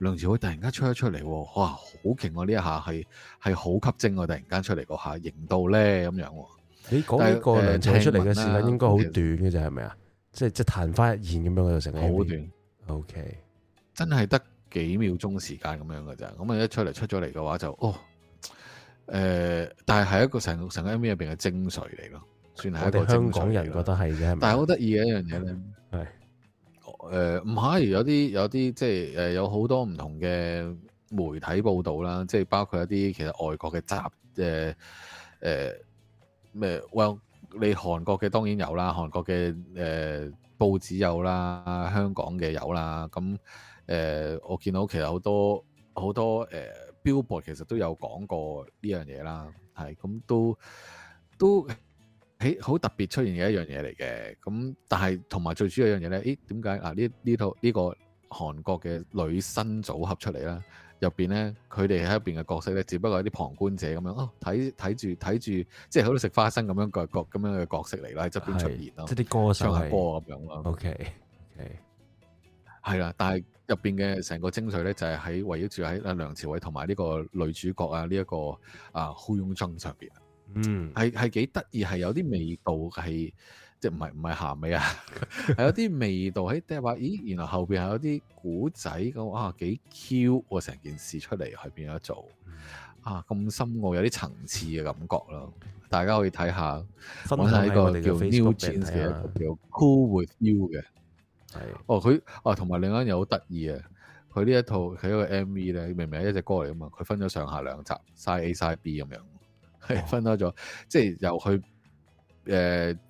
梁朝偉突然間出咗出嚟，哇，好勁啊！呢一下係係好吸睛啊！突然間出嚟嗰下型到咧咁樣。你講呢個梁朝偉出嚟嘅時間應該好短嘅啫，係咪、呃、啊？即係即係曇花一現咁樣嗰度成。好短。OK。真係得幾秒鐘時間咁樣嘅咋。咁啊，一出嚟出咗嚟嘅話就哦，呃、但係係一個成個成個嘅 MV 入邊嘅精髓嚟咯，算係一個精香港人覺得係嘅。但係的、呃、好得意嘅一樣嘢咧，係誒唔可以有啲有啲即係誒有好多唔同嘅媒體報導啦，即係包括一啲其實外國嘅雜嘅誒咩？Well，你韓國嘅當然有啦，韓國嘅誒、呃、報紙有啦，香港嘅有啦，咁。誒、呃，我見到其實好多好多 Billboard 其實都有講過呢樣嘢啦，係咁、嗯、都都喺好、欸、特別出現嘅一樣嘢嚟嘅。咁、嗯、但係同埋最主要一樣嘢咧，咦，點解嗱呢呢套呢個韓國嘅女生組合出嚟啦？入邊咧佢哋喺入邊嘅角色咧，只不過係啲旁觀者咁樣哦，睇睇住睇住，即係好似食花生咁樣各各咁樣嘅角色嚟啦，喺側邊出現咯，即係啲歌手、就是、唱下歌咁樣咯。OK OK。係啦，但係入邊嘅成個精髓咧，就係喺圍繞住喺阿梁朝偉同埋呢個女主角啊呢一個啊鬨爭上邊，嗯，係係幾得意，係有啲味道係，係即係唔係唔係鹹味啊，係 有啲味道喺，即係話咦，原來後邊係有啲古仔咁啊，幾 Q 喎，成件事出嚟係邊有得做啊，咁深奧、哦、有啲層次嘅感覺咯，大家可以睇下，我睇個叫 New Jeans 嘅叫 Cool With You 嘅。係哦，佢啊，同、哦、埋另一樣好得意啊！佢呢一套佢一個 M V 咧，明明係一隻歌嚟噶嘛，佢分咗上下兩集，side A side B 咁樣，係、哦、分開咗，即、就、係、是、由佢誒、呃，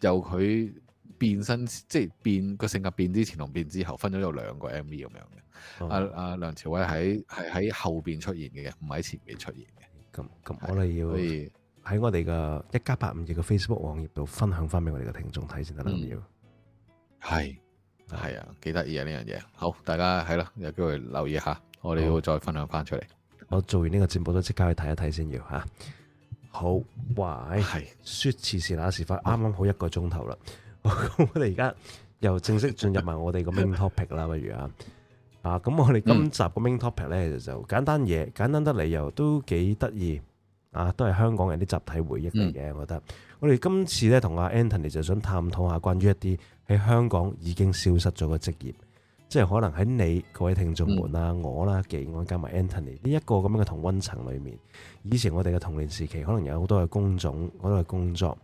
由佢變身，即、就、係、是、變個性格變之前同變之後，分咗有兩個 M V 咁樣嘅。阿阿、啊、梁朝偉喺係喺後邊出現嘅，唔喺前面出現嘅。咁咁我哋要喺我哋嘅一加八五二嘅 Facebook 網頁度分享翻俾我哋嘅聽眾睇先得啦，咁要係。係啊，幾得意啊呢樣嘢！好，大家係咯，有機會留意下，嗯、我哋會再分享翻出嚟。我做完呢個節目都即刻去睇一睇先要吓、啊。好，喂，係是說時遲那時快，啱啱好一個鐘頭啦。我哋而家又正式進入埋我哋個 main topic 啦， 不如啊啊咁，我哋今集個 main topic 咧，其實就簡單嘢，簡單得嚟又都幾得意啊，都係香港人啲集體回憶嚟嘅。嗯、我覺得我哋今次咧同阿 Anthony 就想探討下關於一啲。喺香港已經消失咗個職業，即係可能喺你各位聽眾們啦，嗯、我啦，技安加埋 Anthony 呢一個咁樣嘅同溫層裏面，以前我哋嘅童年時期可能有好多嘅工種，好多嘅工作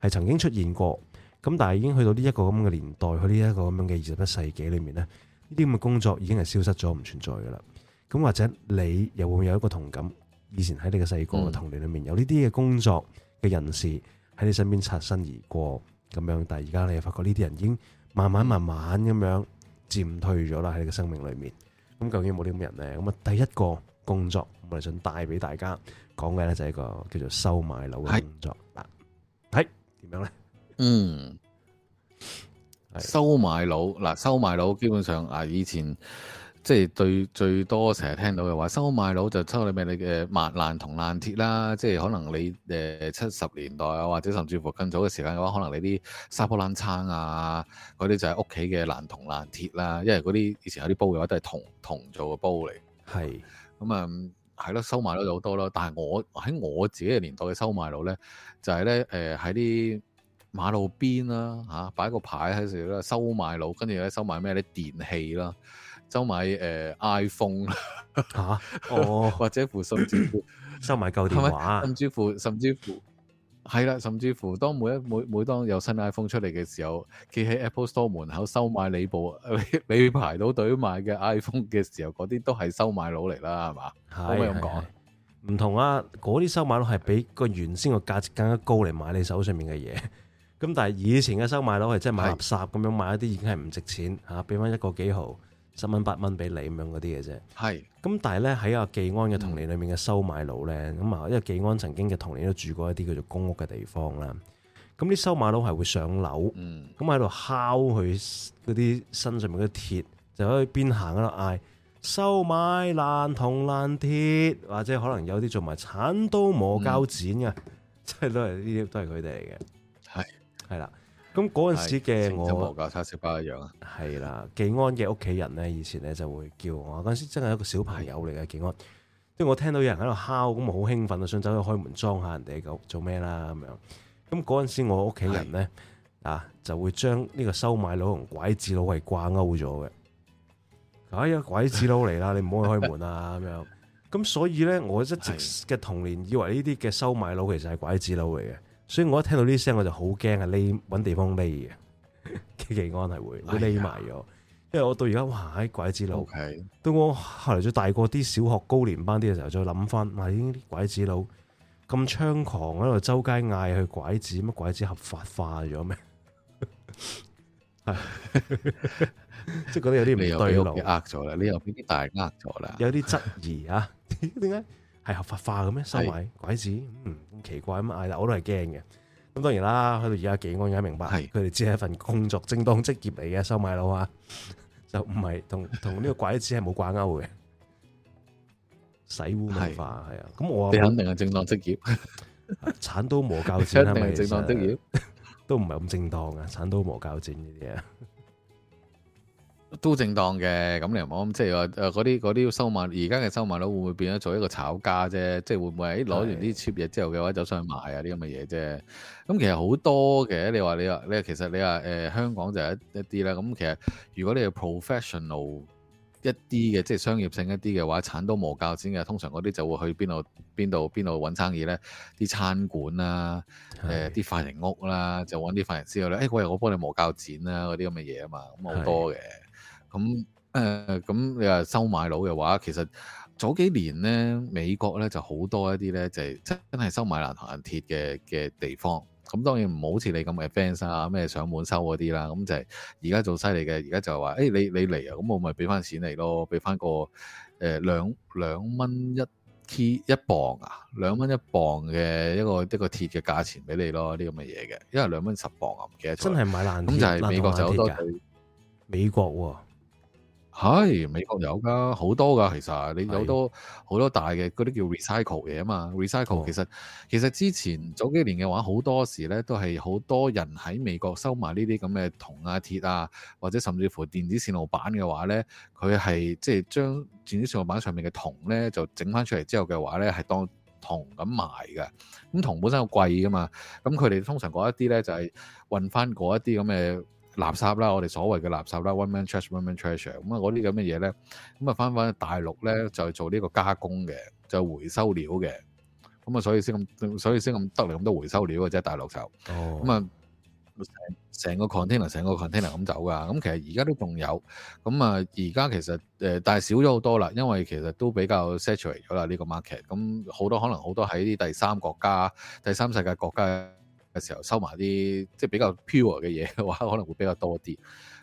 係曾經出現過，咁但係已經去到呢一個咁嘅年代，去呢一個咁樣嘅二十一世紀裏面呢，呢啲咁嘅工作已經係消失咗唔存在噶啦。咁或者你又會有一個同感，以前喺你嘅細個嘅童年裏面，有呢啲嘅工作嘅人士喺你身邊擦身而過。咁樣，但係而家你又發覺呢啲人已經慢慢慢慢咁樣漸退咗啦，喺你個生命裏面。咁究竟有冇啲咁人咧？咁啊，第一個工作我哋想帶俾大家講嘅咧，就係一個叫做收買佬嘅工作嗱。係點樣咧？嗯，收買佬嗱，收買佬基本上啊，以前。即係對最多成日聽到嘅話收買佬就抽你咩你嘅燜爛銅爛鐵啦，即係可能你誒七十年代啊，或者甚至乎更早嘅時間嘅話，可能你啲沙煲爛鏟啊嗰啲就係屋企嘅爛銅爛鐵啦，因為嗰啲以前有啲煲嘅話都係銅銅做嘅煲嚟，係咁啊，係咯、嗯，收買佬就好多啦。但係我喺我自己嘅年代嘅收買佬咧，就係咧誒喺啲馬路邊啦嚇擺個牌喺度啦，收買佬，跟住咧，收買咩啲電器啦。收買誒、呃、iPhone 啊！哦， 或者乎甚至乎收買舊電 話，甚至乎甚至乎係啦，甚至乎當每一每，每當有新 iPhone 出嚟嘅時候，企喺 Apple Store 門口收買你部，你，你排到隊買嘅 iPhone 嘅時候，嗰啲 都係收買佬嚟啦，係嘛？可唔可以咁講？唔同啊，嗰啲收買佬係比個原先個價值更加高嚟買你手上面嘅嘢。咁 但係以前嘅收買佬係真係買垃圾咁樣買一啲已經係唔值錢嚇，俾、啊、翻一個幾毫。十蚊八蚊俾你咁樣嗰啲嘅啫，係。咁是但係咧，喺阿紀安嘅童年裏面嘅收買佬咧，咁啊、嗯，因為紀安曾經嘅童年都住過一啲叫做公屋嘅地方啦。咁啲收買佬係會上樓，咁喺度敲佢嗰啲身上面嘅鐵，就可以邊行喺度嗌收買爛銅爛鐵，或者可能有啲做埋鏟刀磨鉸剪嘅，即係、嗯、 都係呢啲都係佢哋嚟嘅，係係啦。咁嗰陣時嘅我，叉燒包一樣啊，係啦。紀安嘅屋企人咧，以前咧就會叫我，嗰陣時真係一個小朋友嚟嘅紀安，即係我聽到有人喺度敲，咁我好興奮啊，想走去開門裝下人哋做做咩啦咁樣。咁嗰陣時我屋企人咧的啊，就會將呢個收買佬同拐子佬係掛鈎咗嘅。哎、啊、呀，拐子佬嚟啦， 你唔好去開門啊咁 樣。咁所以咧，我一直嘅童年以為呢啲嘅收買佬其實係拐子佬嚟嘅。所以我一聽到呢啲聲，我就好驚啊！匿揾地方匿嘅，奇奇安係會匿埋咗。哎、呀因為我到而家哇，喺、哎、拐子佬，到 Okay. 我後嚟再大個啲，小學高年班啲嘅時候再諗翻，哇！啲、哎、拐子佬咁猖狂喺度周街嗌去拐子，乜拐子合法化咗咩？係， 即係覺得有啲唔對路，呃咗啦，你又啲大呃咗啦？ 有啲質疑啊？點解？係合法化嘅咩，收買鬼子？嗯，咁奇怪咁嗌，但係我都係驚嘅。咁當然啦，去到而家警方而家明白，佢哋只係一份工作、正當職業嚟嘅收買佬啊，就唔係同同呢個鬼子係冇掛鈎嘅。洗污文化係啊，咁我你肯定係正當職業，鏟刀磨鉸剪係咪？一定係正當職業，都唔係咁正當啊！鏟刀磨鉸剪呢啲啊。都正當嘅，咁你唔好。即係話誒嗰啲啲收買，而家嘅收買佬會唔會變咗做一個炒家啫？即係會唔會係攞完啲 cheap 嘢之後嘅話就上去賣啊啲咁嘅嘢啫？咁其實好多嘅，你話你話你話其實你話誒、呃、香港就係一一啲咧。咁其實如果你係 professional 一啲嘅，即係商業性一啲嘅話，鏟刀磨鉸剪嘅，通常嗰啲就會去邊度邊度邊度揾生意呢？啲餐館啦，誒啲髮型屋啦，就揾啲髮型師咧。誒喂、哎，我幫你磨鉸剪啦，嗰啲咁嘅嘢啊嘛，咁好多嘅。咁誒咁你話收買佬嘅話，其實早幾年咧，美國咧就好多一啲咧，就係真真係收買爛銅爛鐵嘅嘅地方。咁當然唔好似你咁嘅 fans 啊，咩上門收嗰啲啦。咁就係而家做犀利嘅，而家就係話、欸，你你嚟啊，咁我咪俾翻錢你咯，俾翻個誒、呃、兩兩蚊一 k 一磅啊，兩蚊一磅嘅一個一個鐵嘅價錢俾你咯，啲咁嘅嘢嘅，因為兩蚊十磅啊，唔記得咗。真係買爛，咁就係美國就好多難難美國、啊係美國有噶，好多噶其實，你有好多好的多大嘅嗰啲叫 recycle 嘢啊嘛。Oh. recycle 其實其實之前早幾年嘅話，好多時咧都係好多人喺美國收買呢啲咁嘅銅啊鐵啊，或者甚至乎電子線路板嘅話咧，佢係即係將電子線路板上面嘅銅咧就整翻出嚟之後嘅話咧，係當銅咁賣嘅。咁銅本身好貴噶嘛，咁佢哋通常嗰一啲咧就係、是、運翻嗰一啲咁嘅。垃圾啦，我哋所謂嘅垃圾啦，one man trash，one man trash，咁啊，嗰啲咁嘅嘢咧，咁啊，翻返大陸咧就係、做呢個加工嘅，就係、回收料嘅，咁啊，所以先咁，所以先咁得嚟咁多回收料嘅啫，大陸就，咁啊、oh. er, er，成個 container 成個 container 咁走㗎。咁其實而家都仲有，咁啊，而家其實誒、呃，但係少咗好多啦，因為其實都比較 saturate 咗啦呢個 market。咁好多可能好多喺啲第三國家、第三世界國家。時候收埋啲即係比較 pure 嘅嘢嘅話，可能會比較多啲。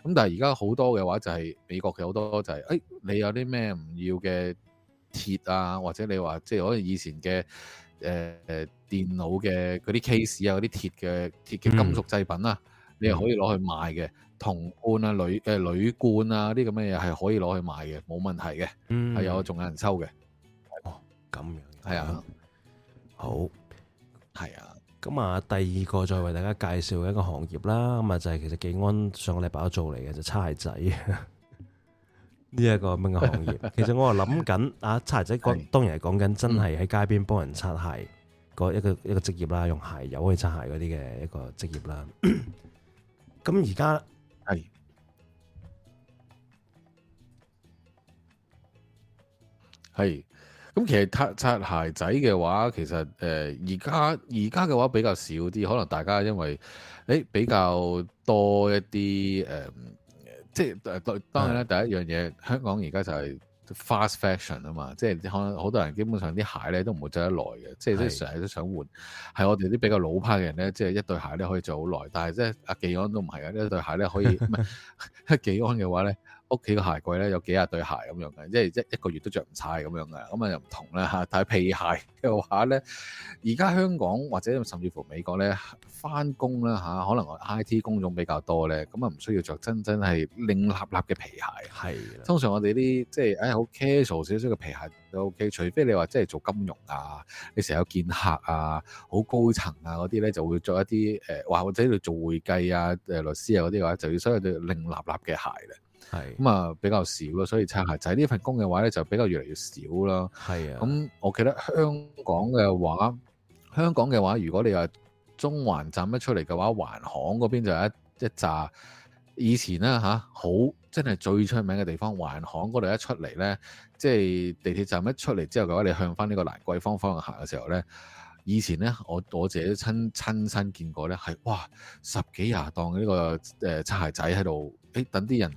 咁但係而家好多嘅話就係、是、美國嘅好多就係、是，誒、哎、你有啲咩唔要嘅鐵啊，或者你話即係可能以前嘅誒、呃、電腦嘅嗰啲 case 啊，嗰啲鐵嘅鐵嘅金屬製品啊，嗯、你係可以攞去賣嘅、嗯、銅罐啊、鋁誒鋁罐啊啲咁嘅嘢係可以攞去賣嘅，冇問題嘅，係、嗯、有仲有人收嘅。哦，咁樣。係啊，好，係啊。咁啊，第二個再為大家介紹一個行業啦，咁啊就係其實紀安上個禮拜都做嚟嘅，就擦鞋仔呢一個咩嘅行業？其實我 啊諗緊，啊擦鞋仔講，當然係講緊真係喺街邊幫人擦鞋個一個一個職業啦，用鞋油去擦鞋嗰啲嘅一個職業啦。咁而家係係。 咁、嗯、其實擦擦鞋仔嘅話，其實誒而家而家嘅話比較少啲，可能大家因為誒、欸、比較多一啲誒、呃，即係、呃、當然咧的第一樣嘢，香港而家就係 fast fashion 啊嘛，即係可能好多人基本上啲鞋咧都唔會着得耐嘅，是的即係都成日都想換。係我哋啲比較老派嘅人咧，即係一對鞋咧可以著好耐，但係即係阿紀安都唔係啊，一對鞋咧可以唔係紀安嘅話咧。屋企嘅鞋櫃咧有幾廿對鞋咁樣嘅，即係一一個月都着唔晒咁樣嘅。咁啊又唔同啦嚇。但係皮鞋嘅話咧，而家香港或者甚至乎美國咧，翻工啦嚇，可能我 I T 工種比較多咧，咁啊唔需要着真真係鈴立立嘅皮鞋。的通常我哋啲即係好、哎、casual 少少嘅皮鞋都 OK，除非你話即係做金融啊，你成日有見客啊，好高層啊嗰啲咧，就會着一啲誒、呃、或者度做會計啊、誒律師啊嗰啲嘅話，就要需要對鈴立立嘅鞋咧。係咁啊，比較少咯，所以擦鞋仔呢份工嘅話咧，就比較越嚟越少啦。係啊，咁我記得香港嘅話，香港嘅話，如果你話中環站一出嚟嘅話，環巷嗰邊就有一一紮。以前咧吓好真係最出名嘅地方，環巷嗰度一出嚟咧，即係地鐵站一出嚟之後嘅話，你向翻呢個蘭桂坊方向行嘅時候咧，以前咧我我自己親親身見過咧，係哇十幾廿檔呢個誒擦鞋仔喺度誒等啲人。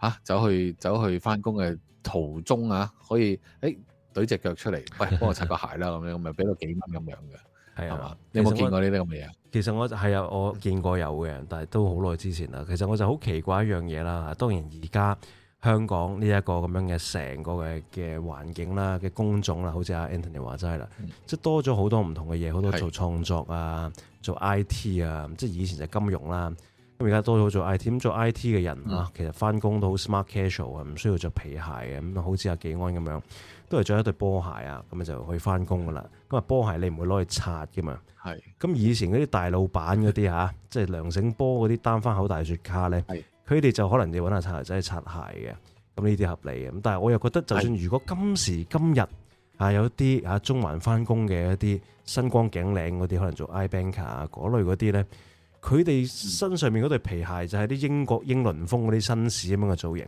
嚇、啊，走去走去返工嘅途中啊，可以，誒、哎，攣隻腳出嚟，喂、哎，幫我擦個鞋啦，咁 樣，咪俾到幾蚊咁樣嘅，係嘛、啊？吧你有冇見過呢啲咁嘅嘢？其實我係啊，我見過有嘅，但係都好耐之前啦。其實我就好奇怪一樣嘢啦，嚇，當然而家香港呢一個咁樣嘅成個嘅嘅環境啦，嘅工種啦，好似阿 Anthony 話齋啦，嗯、即係多咗好多唔同嘅嘢，好多做創作啊，的做 I T 啊，即係以前就金融啦。咁而家多咗做 IT，做 IT 嘅人啊、嗯、其實翻工都好 smart casual 啊，唔需要着皮鞋嘅。咁好似阿幾安咁樣，都係着一對波鞋啊，咁就去翻工噶啦。咁啊，波鞋你唔會攞去擦嘅嘛。咁是以前嗰啲大老闆嗰啲啊，即、就、係、是、梁醒波嗰啲擔翻口大雪茄咧，佢哋是就可能要搵下擦鞋仔去擦鞋嘅。咁呢啲合理嘅。咁但係我又覺得，就算如果今時今日嚇是、啊、有啲中環翻工嘅一啲新光頸領嗰啲，可能做 IBanker 啊嗰類嗰啲咧。佢哋身上面嗰對皮鞋就係啲英國英倫風嗰啲紳士咁樣嘅造型，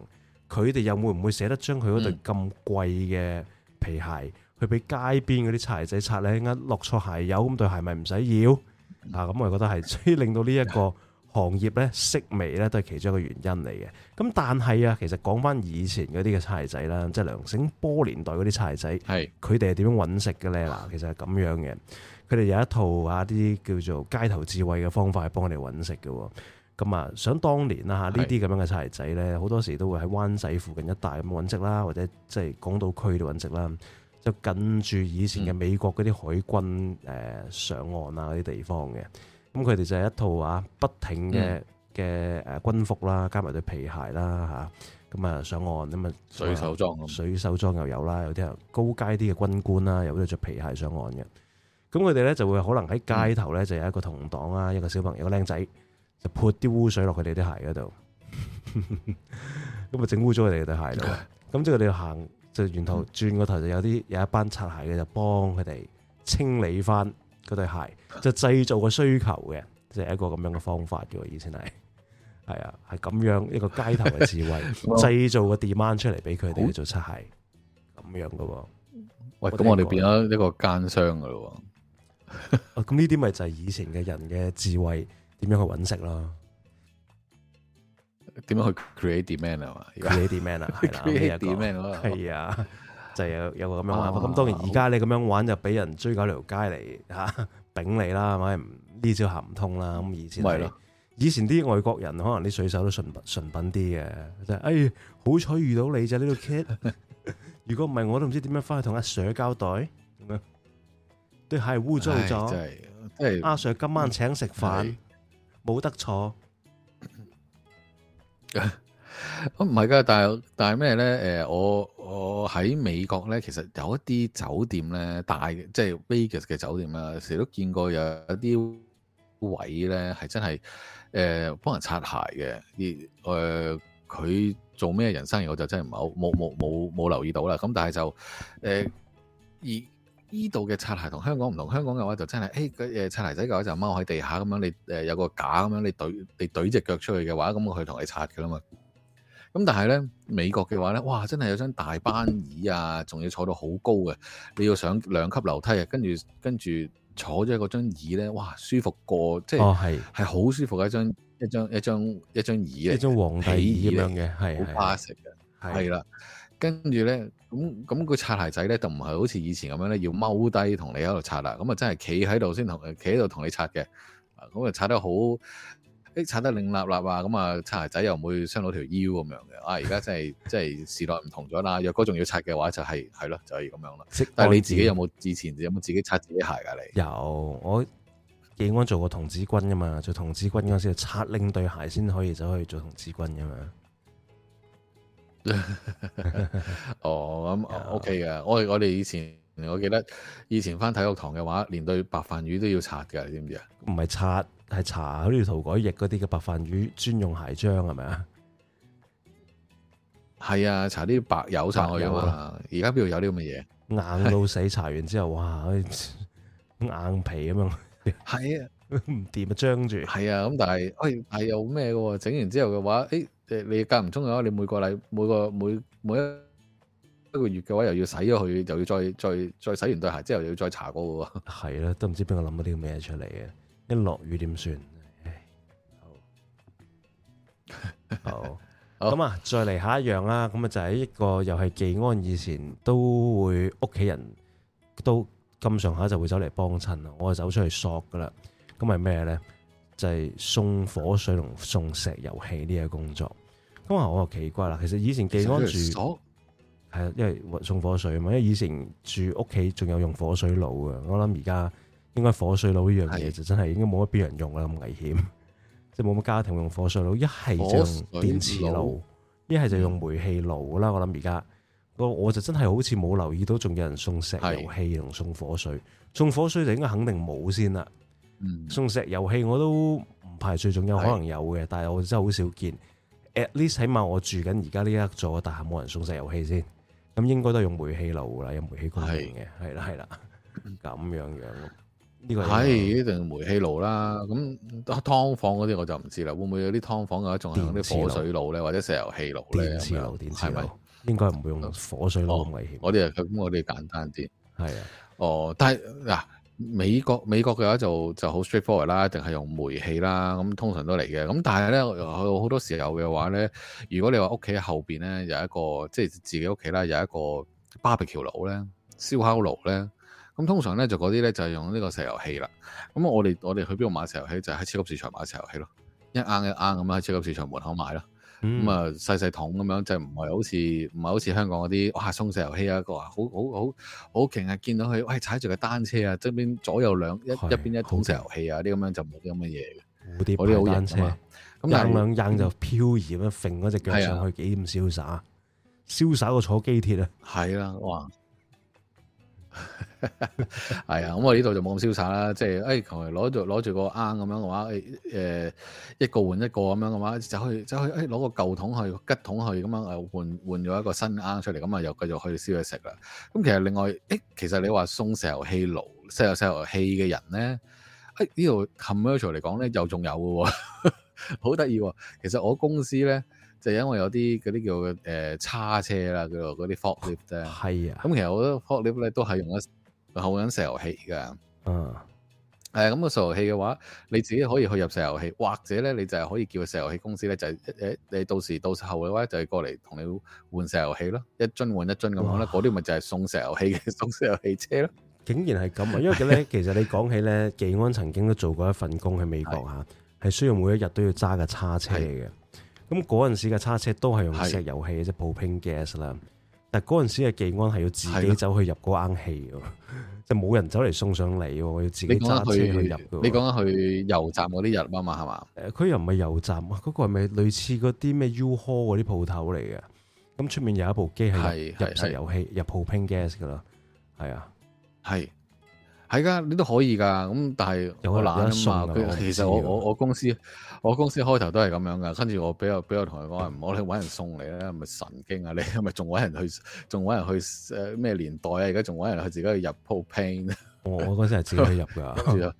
佢哋又會唔會捨得將佢嗰對咁貴嘅皮鞋去俾街邊嗰啲柴仔擦咧？一落錯鞋油咁對鞋咪唔使要？咁、 啊、我覺得係，所以令到呢一個行業咧式微咧都係其中一個原因嚟嘅。咁但係啊，其實講返以前嗰啲嘅柴仔啦，即係梁醒波年代嗰啲柴仔，係佢哋係點樣揾食嘅咧？嗱，其實係咁樣嘅。佢哋有一套啊啲叫做街頭智慧嘅方法去幫佢哋，係幫佢哋揾食嘅。咁啊，想當年啊，吓呢啲咁樣嘅差仔咧，好是多時候都會喺灣仔附近一帶揾食啦，或者即係港島區度揾食啦，就跟住以前嘅美國嗰啲海軍誒上岸啊啲地方嘅。咁佢哋就係一套啊不停嘅嘅誒軍服啦，嗯、加埋對皮鞋啦吓。咁啊上岸，咁啊水手裝，水手裝又有啦，有啲人高階啲嘅軍官啦，有啲人着皮鞋上岸嘅。咁佢哋咧就會可能喺街頭咧就有一個同黨啊，嗯、一個小朋友，一個靚仔就潑啲污水落佢哋啲鞋嗰度，咁啊整污咗佢哋對鞋咯。咁即係佢哋行就沿途轉個頭就有啲有一班擦鞋嘅就幫佢哋清理翻嗰對鞋，就製造個需求嘅，即、就、係、係、一個咁樣嘅方法嘅。以前係係啊，係咁樣一個街頭嘅智慧， 製造個 demand 出嚟俾佢哋做擦鞋咁 樣嘅、啊。喂，咁我哋變咗一個奸商嘅咯。咁呢啲咪就係以前嘅人嘅智慧點樣去揾食啦？點樣去 cre cre create demand 啊？嘛啊？係啊，就有有咁樣玩。法、啊。咁當然而家你咁樣玩就俾人追咗條街嚟吓，頂你啦，係咪？呢招行唔通啦。咁以前係，以前啲外國人可能啲水手都純品純品啲嘅，即、就、係、是哎、好彩遇到你就呢個 kid？ 如果唔係，我都唔知點樣翻去同阿 Sir 交代。對鞋污糟咗，就是就是、阿 Sir 今晚請食飯，冇、嗯、得坐。咁唔係㗎，但係但係咩咧？誒、呃，我我喺美國咧，其實有一啲酒店咧，大即係、就是、Vegas 嘅酒店啊，成日都見過有啲位咧，係真係誒、呃、幫人擦鞋嘅。而誒佢、呃、做咩人生意，我就真係唔好冇冇冇冇留意到啦。咁但係就誒而。呃呢度嘅擦鞋同香港唔同，香港嘅話就真係，誒，嘅擦鞋仔嘅話就踎喺地下咁樣，你誒有個架咁樣，你對你懟隻腳出去嘅話，咁佢同你擦嘅啦嘛。咁但係咧，美國嘅話咧，哇，真係有張大班椅啊，仲要坐到好高嘅，你要上兩級樓梯啊，跟住跟住坐咗嗰張椅咧，哇，舒服過，即係係好舒服嘅一張一張一張一張椅一張黃皮椅一嚟嘅，係好巴 a s 嘅，係啦。跟住咧，咁咁個擦鞋仔咧就唔係好似以前咁樣咧，要踎低同你喺度擦啦。咁啊，真係企喺度先同企喺度同你擦嘅。啊，咁啊擦得好，誒擦得靚立立啊。咁啊，擦鞋仔又唔會傷到條腰咁樣嘅。啊，而家真係真係時代唔同咗啦。若果仲要擦嘅話，就係係咯，就係、係、咁樣咯。但係你自己有冇以前有冇自己擦自己的鞋㗎？你有我易安做過童子軍㗎嘛？做童子軍嗰陣時要擦拎對鞋先可以就可以做童子軍咁樣。 哦，咁、嗯、有 OK 嘅。我我哋以前，我記得以前返體育堂嘅話，連對白飯魚都要擦㗎，你知唔知啊？唔係擦，係搽，好似塗改液嗰啲嘅白飯魚專用鞋漿，係咪啊？係啊，搽啲白油，搽去油啊！而家邊度有呢咁嘅嘢？硬到死，搽完之後，是哇，硬皮咁樣。係啊，唔掂 啊，張住。係啊，咁但係，喂、哎，係有咩喎？整完之後嘅話，誒、哎。誒，你隔唔中嘅話，你每個禮每個每每一一個月嘅話，又要洗咗佢，又要再再再洗完對鞋之後，又要再查過嘅喎。係啦，都唔知邊個諗到啲咩出嚟嘅，一落雨點算？好，好，咁啊 好，再嚟下一樣啦。咁啊，就係一個又係記安以前都會屋企人都咁上下就會走嚟幫襯啦。我就走出去索噶啦。咁係咩咧？就係送火水同送石油氣呢個工作，咁啊，我又奇怪啦。其實以前幾安住係啊，因為送火水啊嘛，因為以前住屋企仲有用火水爐啊。我諗而家應該火水爐呢樣嘢就真係應該冇乜俾人用啦，咁的危險，即係冇乜家庭用火水爐。一係就用電磁爐，一係就用煤氣爐啦。我諗而家我我就真係好似冇留意到仲有人送石油氣同送火水，的送火水就應該肯定冇先啦。嗯、送石油氣我都唔排除，仲有可能有嘅，是但係我真係好少見。at least 起碼我住緊而家呢一座，大廈冇人送石油氣先。咁應該都係用煤氣爐啦，用煤氣供應嘅，係啦係啦，咁樣 樣。呢個係一定煤氣爐啦。咁劏房嗰啲我就唔知啦，會唔會有啲劏房嗰種係啲火水爐咧，或者石油氣爐咧，電磁爐、電磁爐應該唔會用火水爐咁危險。我哋咁，我哋簡單啲係啊。的哦，但係嗱。啊美國美國嘅話就就好 straightforward 啦，一定係用煤氣啦，咁通常都嚟嘅。咁但係咧，有好多時候嘅話咧，如果你話屋企後邊咧有一個即係自己屋企啦，有一個巴比喬爐咧、燒烤爐咧，咁通常咧就嗰啲咧就係用呢個石油氣啦。咁我哋我哋去邊度買石油氣？就喺、是、超級市場買石油氣咯，一硬一硬咁喺超級市場門口買啦。咁啊，細細桶咁樣就唔係好似唔係好似香港嗰啲，哇，送石油氣啊，個話，好好好好勁啊，見到佢，喂，踩住個單車啊，側邊左右兩一一邊一桶石油氣啊，啲咁樣就冇啲咁嘅嘢嘅，好有、嗯、單車，掹兩掹就漂移啦，揈嗰隻腳上去，幾咁瀟灑，啊、瀟灑過坐機鐵啊，係啦、啊、哇！係啊，咁我呢度就冇咁瀟灑啦，即係，誒、哎，同埋攞住攞住個罌咁樣嘅話，誒，誒，一個換一個咁樣嘅話，就可以就可以，誒，攞、哎、個舊桶去，吉桶去，咁樣誒換換咗一個新罌出嚟，咁啊又繼續去燒嘢食啦。咁、嗯、其實另外，誒、哎，其實你話送石油氣爐、石油石油氣嘅人咧，誒、哎，呢度 commercial 嚟講咧又仲有嘅、啊，好得意。其實我公司咧。就因為有啲嗰啲叫誒、呃、叉車啦，叫做嗰啲 forklift 啫。係啊，咁其實我覺得 forklift 咧都係用咗用緊石油氣㗎。啊、嗯。誒，咁個石油氣嘅話，你自己可以去入石油氣，或者咧你就係可以叫石油氣公司咧，就係、是、誒你到時到時候嘅話，就係過嚟同你換石油氣咯，一樽換一樽咁樣咧。嗰啲咪就係送石油氣嘅送石油氣車咯。竟然係咁啊！因為咧， 其實你講起咧，技安曾經都做過一份工喺美國嚇，係是、啊、需要每一日都要揸架叉車嘅。咁嗰陣時嘅叉車都係用石油氣是的 即係補平 gas 啦，但係嗰陣時嘅技安係要自己走去入嗰盎氣，是的 即係冇人走嚟送上嚟，要自己揸車去入的你講。你講去油站嗰啲入啊嘛係嘛？誒，佢又唔係油站，嗰、嗰個係咪類似嗰啲咩 U-Haul 嗰啲鋪頭嚟嘅？咁出面有一部機係入，的入石油氣、入補平 gas 噶啦，係啊，係係噶，你都可以噶。咁但係我懶啊嘛，其實我我我公司的。我公司開頭都係咁樣噶，跟住我比較比我同佢講話，唔好，你揾人送你啦，係咪神經啊！你係咪仲揾人去，仲揾人去誒咩年代啊？而家仲揾人去自己去入鋪 pain。我我嗰陣時係自己去入噶，跟住係，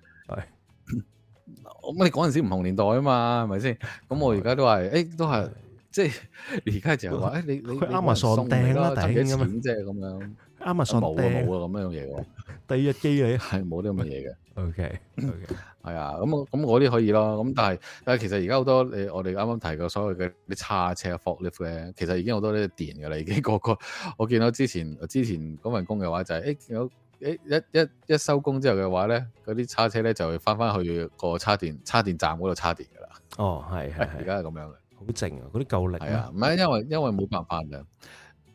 咁你嗰陣時唔同年代啊嘛，係咪先？咁我而家都話，誒都係即係而家成日話，誒你你佢啱送鎖定啦，底咁啊，即係咁樣啱埋鎖定冇啊冇啊咁樣嘢第一機理係冇啲咁嘅嘢嘅，OK，OK，係啊，咁咁啲可以咯，咁但係誒，但其實而家好多你我哋啱啱提過所謂嘅，啲叉車、for lift 咧，其實已經好多呢啲電嘅啦，已經個個我見到之前之前嗰份工嘅話就係誒有誒一一一,一收工之後嘅話咧，嗰啲叉車咧就會翻翻去個叉電叉電站嗰度叉電噶啦，哦，係係而家係咁樣嘅，好靜啊，嗰啲夠力啊，唔係、啊、因為因為冇辦法嘅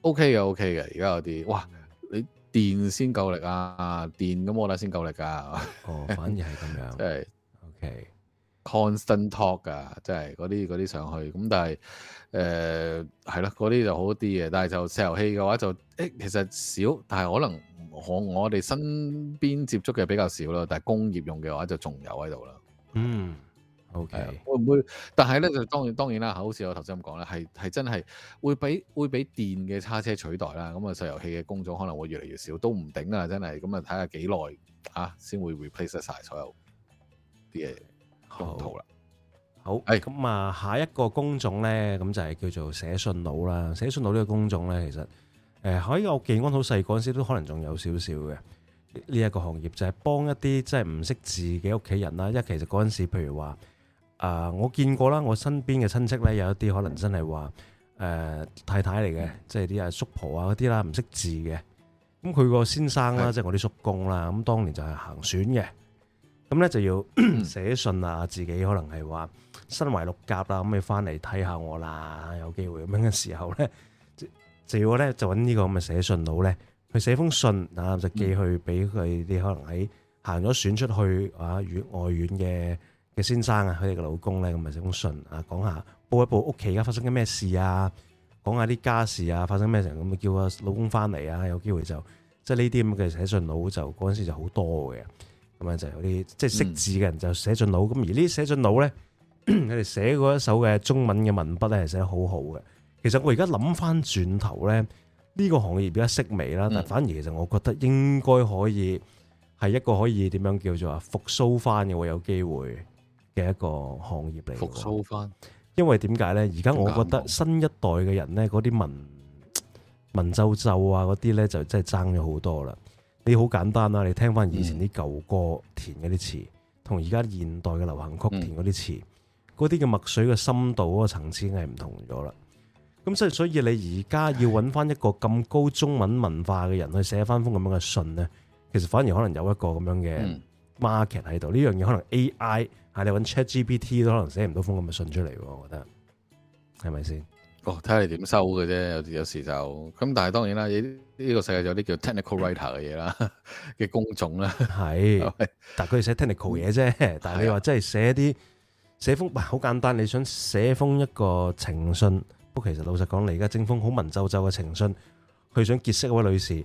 ，OK 嘅 OK 嘅，而家有啲哇你。電先夠力啊，電咁我哋先夠力啊。哦，反而係咁樣，即係、 就是、OK。Constant talk 啊，即係嗰啲啲上去，咁但係誒係啦，嗰、呃、啲就好啲嘅。但係就石油氣嘅話就誒、欸，其實少，但係可能我我哋身邊接觸嘅比較少啦。但係工業用嘅話就仲有喺度啦。嗯。O K，會唔會？但係咧就當然當然啦，吓，好似我頭先咁講啦，係係真係會俾會俾電嘅叉車取代啦。咁啊，石油氣嘅工種可能會越嚟越少，都唔定啊，真係。咁啊，睇下幾耐啊先會 replace 晒所有啲嘢、工途啦。好，係咁啊，下一個工種咧，咁就係叫做寫信佬啦。寫信佬呢個工種咧，其實誒，喺我記安好細個嗰陣時，都可能仲有少少嘅呢一個行業，就係幫一啲即係唔識字嘅屋企人啦。因為其實嗰陣時，譬如話。啊、呃！我見過啦，我身邊嘅親戚咧，有一啲可能真係話，誒、呃、太太嚟嘅，即係啲阿叔婆啊嗰啲啦，唔識字嘅。咁佢個先生啦，即係、嗯、我啲叔公啦，咁當年就係行選嘅。咁咧就要、嗯、 寫信啊，自己可能係話身懷六甲啦，咁你翻嚟睇下我啦，有機會咁樣嘅時候咧，就要咧就揾呢個咁嘅寫信佬咧，去寫封信啊，就寄去俾佢啲可能喺行咗選出去啊遠、呃、外院嘅。嘅先生啊，佢哋嘅老公咧咁咪寫封信啊，講下報一報屋企而家發生緊咩事啊，講下啲家事啊，發生咩事咁啊，叫個老公翻嚟啊，有機會就即係呢啲咁嘅寫信佬就嗰陣時就好多嘅。咁啊就有啲即係識字嘅人就寫信佬，咁、嗯、而進腦呢啲寫信佬咧，佢哋寫嗰一首嘅中文嘅文筆咧係寫得好好嘅。其實我而家諗翻轉頭咧，呢、呢個行業比較式微啦，但反而其實我覺得應該可以係一個可以點樣叫做啊復甦翻嘅，我有機會。嘅一個行業嚟，復甦翻。因為點解呢？而家我覺得新一代嘅人呢，嗰啲文文縐縐啊，嗰啲呢，就真係爭咗好多啦。你好簡單啦，你聽翻以前啲舊歌填嗰啲詞，同而家現代嘅流行曲填嗰啲詞，嗰啲嘅墨水嘅深度嗰個層次已經係唔同咗啦。咁所以所以你而家要揾翻一個咁高中文文化嘅人去寫翻封咁樣嘅信呢，其實反而可能有一個咁樣嘅。嗯 market 喺度，呢樣嘢可能 AI 嚇你揾 ChatGPT 都可能寫唔到封咁嘅信出嚟喎，我覺得係咪先？哦，睇下你點收嘅啫，有時有時就咁。但係當然啦，呢個世界有啲叫 technical writer 嘅嘢啦，嘅工種啦，係。但係佢哋寫 technical 嘢啫。但係你話真係寫啲寫封唔係好簡單。你想寫封一個情信，不過其實老實講，你而家整封好文縐縐嘅情信，佢想結識嗰位女士。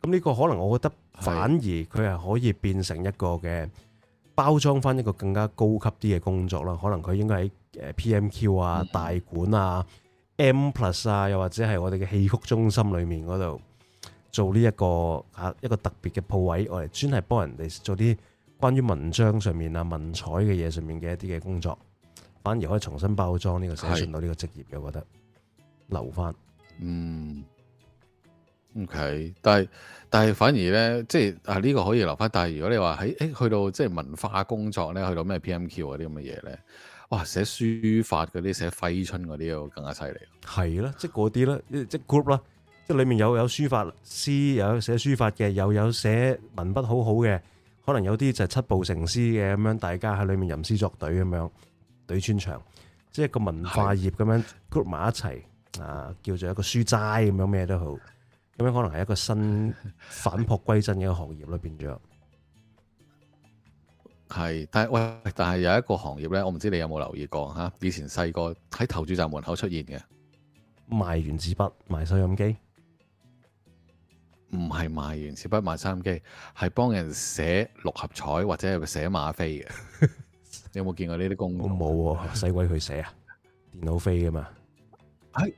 咁呢個可能，我覺得反而佢係可以變成一個嘅包裝翻一個更加高級啲嘅工作啦。可能佢應該喺 PMQ 啊、大館啊、M plus 啊，又或者係我哋嘅戲曲中心裏面嗰度做呢一個一個特別嘅鋪位，我哋專係幫人哋做啲關於文章上面啊、文采嘅嘢上面嘅一啲嘅工作，反而可以重新包裝呢個寫信到呢個職業嘅，我覺得留翻，嗯。O.K.，但係但係反而咧，即係啊呢個可以留翻。但係如果你話喺誒去到即係文化工作咧，去到咩 P.M.Q. 嗰啲咁嘅嘢咧，哇寫書法嗰啲寫揮春嗰啲又更加犀利。係啦，即係嗰啲啦，即 group 啦，即係裏面有有書法師又有寫書法嘅，又有寫文筆好好嘅，可能有啲就七步成詩嘅咁樣，大家喺裏面吟詩作對咁樣對穿場，即係個文化業咁樣 group 埋的一齊啊，叫做一個書齋咁樣咩都好。咁樣可能係一個新反璞歸真嘅行業咯，變咗。係，但係喂，但係有一個行業咧，我唔知你有冇留意過吓。以前細個喺投注站門口出現嘅，賣原子筆、賣收音機，唔係賣原子筆、賣收音機，係幫人寫六合彩或者係寫馬飛嘅。 你有冇見過呢啲工？冇喎、啊，細鬼去寫啊，電腦飛噶嘛？係。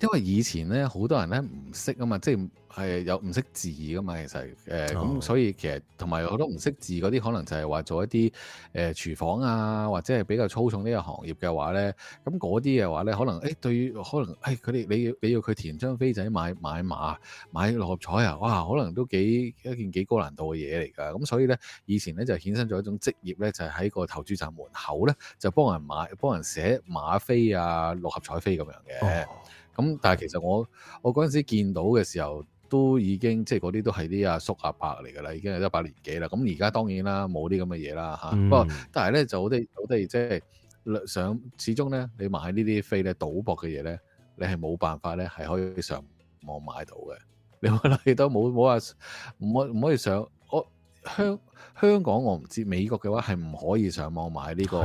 因為以前咧，好多人咧唔識啊嘛，即係係有唔識字噶嘛。其實咁、呃 oh. 嗯，所以其實同埋好多唔識字嗰啲，可能就係話做一啲誒廚房啊，或者係比較粗重呢個行業嘅話咧，咁嗰啲嘅話咧，可能、哎、對對可能誒佢哋你要你要佢填張飛仔買買馬買六合彩啊，哇，可能都幾一件幾高難度嘅嘢嚟㗎。咁、嗯、所以咧，以前咧就衍生咗一種職業咧，就係、是、喺個投注站門口咧就幫人買幫人寫馬飛啊六合彩飛咁樣嘅。Oh. 咁但係其實我我嗰陣時見到嘅時候，都已經即係嗰啲都係啲阿叔阿伯嚟㗎啦，已經係一把年紀啦。咁而家當然啦，冇啲咁嘅嘢啦嚇。嗯、不過，但係咧，就好啲好啲，即係想始終咧，你買呢啲飛咧，賭博嘅嘢咧，你係冇辦法咧，係可以上網買到嘅。你我諗你都冇冇話唔可唔可以上？我香香港我唔知美國嘅話係唔可以上網買呢個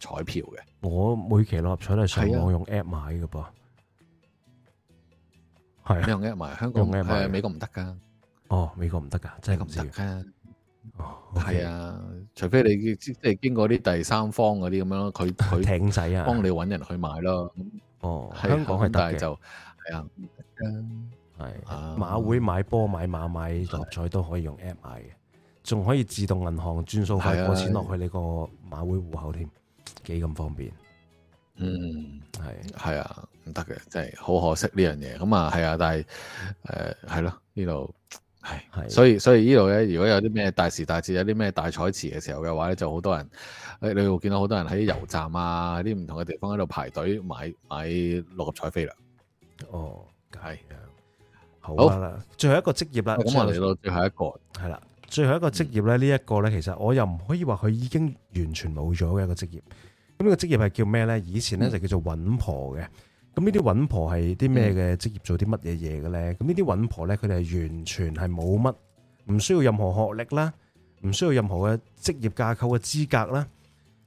彩票嘅。我每期六合彩都係上網用 App 買㗎噃。係，用 A P P 買，香港係美國唔得噶。哦，美國唔得噶，真係咁唔得噶。哦，係啊，除非你即係經過啲第三方嗰啲咁樣咯，佢佢幫你揾人去買咯。哦，香港係但係就係啊，唔得噶。係啊，馬會買波、買馬、買六合彩都可以用 A P P 買嘅，仲可以自動銀行轉數快過錢落去你個馬會戶口添，幾咁方便。嗯，係，係啊。唔得嘅，真係好可惜呢樣嘢。咁啊，係、嗯、啊，但係誒，係咯呢度係，係的所以所以呢度咧，如果有啲咩大時大節，有啲咩大彩池嘅時候嘅話咧，就好多人誒，你會見到好多人喺油站啊，啲唔同嘅地方喺度排隊買買六合彩飛啦。哦，係，好啦，最後一個職業啦，我嚟到最後一個係啦，最後一個職業咧，呢一、嗯、個咧，其實我又唔可以話佢已經完全冇咗嘅一個職業。咁呢個職業係叫咩咧？以前咧就叫做穩婆嘅。嗯咁呢啲穩婆係啲咩嘅職業做？做啲乜嘢嘢嘅咧？咁呢啲穩婆咧，佢哋係完全係冇乜，唔需要任何學歷啦，唔需要任何嘅職業架構嘅資格啦。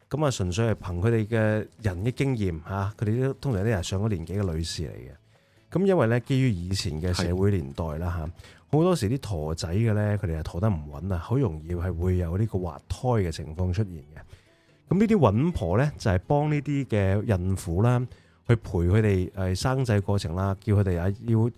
咁啊，純粹係憑佢哋嘅人嘅經驗嚇，佢哋都通常啲人上咗年紀嘅女士嚟嘅。咁因為咧，基於以前嘅社會年代啦嚇，好是的 多時啲陀仔嘅咧，佢哋啊陀得唔穩啊，好容易係會有呢個滑胎嘅情況出現嘅。咁呢啲穩婆咧，就係、係、幫呢啲嘅孕婦啦。去陪佢哋誒生仔過程啦，叫佢哋也要誒、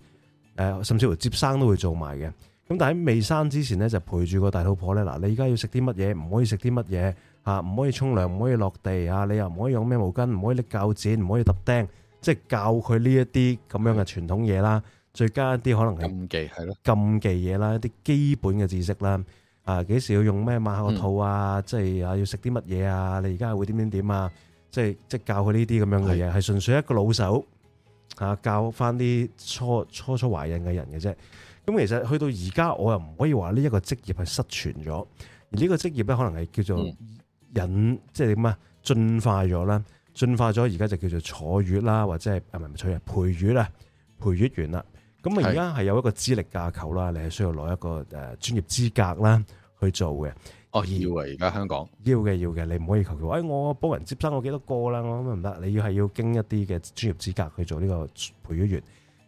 呃，甚至乎接生都會做埋嘅。咁但係喺未生之前咧，就陪住個大肚婆咧。嗱，你而家要食啲乜嘢，唔可以食啲乜嘢啊？唔可以沖涼，唔可以落地啊！你又唔可以用咩毛巾，唔可以拎鉸剪，唔可以揼釘，即係教佢呢一啲咁樣嘅傳統嘢啦。再加一啲可能係禁忌係咯，禁忌嘢啦，一啲基本嘅知識啦。啊，幾時要用咩抹下個肚、嗯、啊？即係啊，要食啲乜嘢啊？你而家會點點點啊？即係即係教佢呢啲咁樣嘅嘢，係純粹一個老手啊教翻啲初初初懷孕嘅人嘅啫。咁其實去到而家，我又唔可以話呢一個職業係失傳咗，而呢個職業咧可能係叫做引，即係點啊？進化咗啦，進化咗而家就叫做坐月啦，或者係啊唔係唔坐月，陪月啦，陪月員啦。咁啊而家係有一個資歷架構啦，你係需要攞一個誒專業資格啦去做嘅。哦要啊！而家香港要嘅，要嘅，你唔可以求其，哎，我幫人接生我幾多個啦，我咁唔得。你要係要經一啲嘅專業資格去做呢個培育員，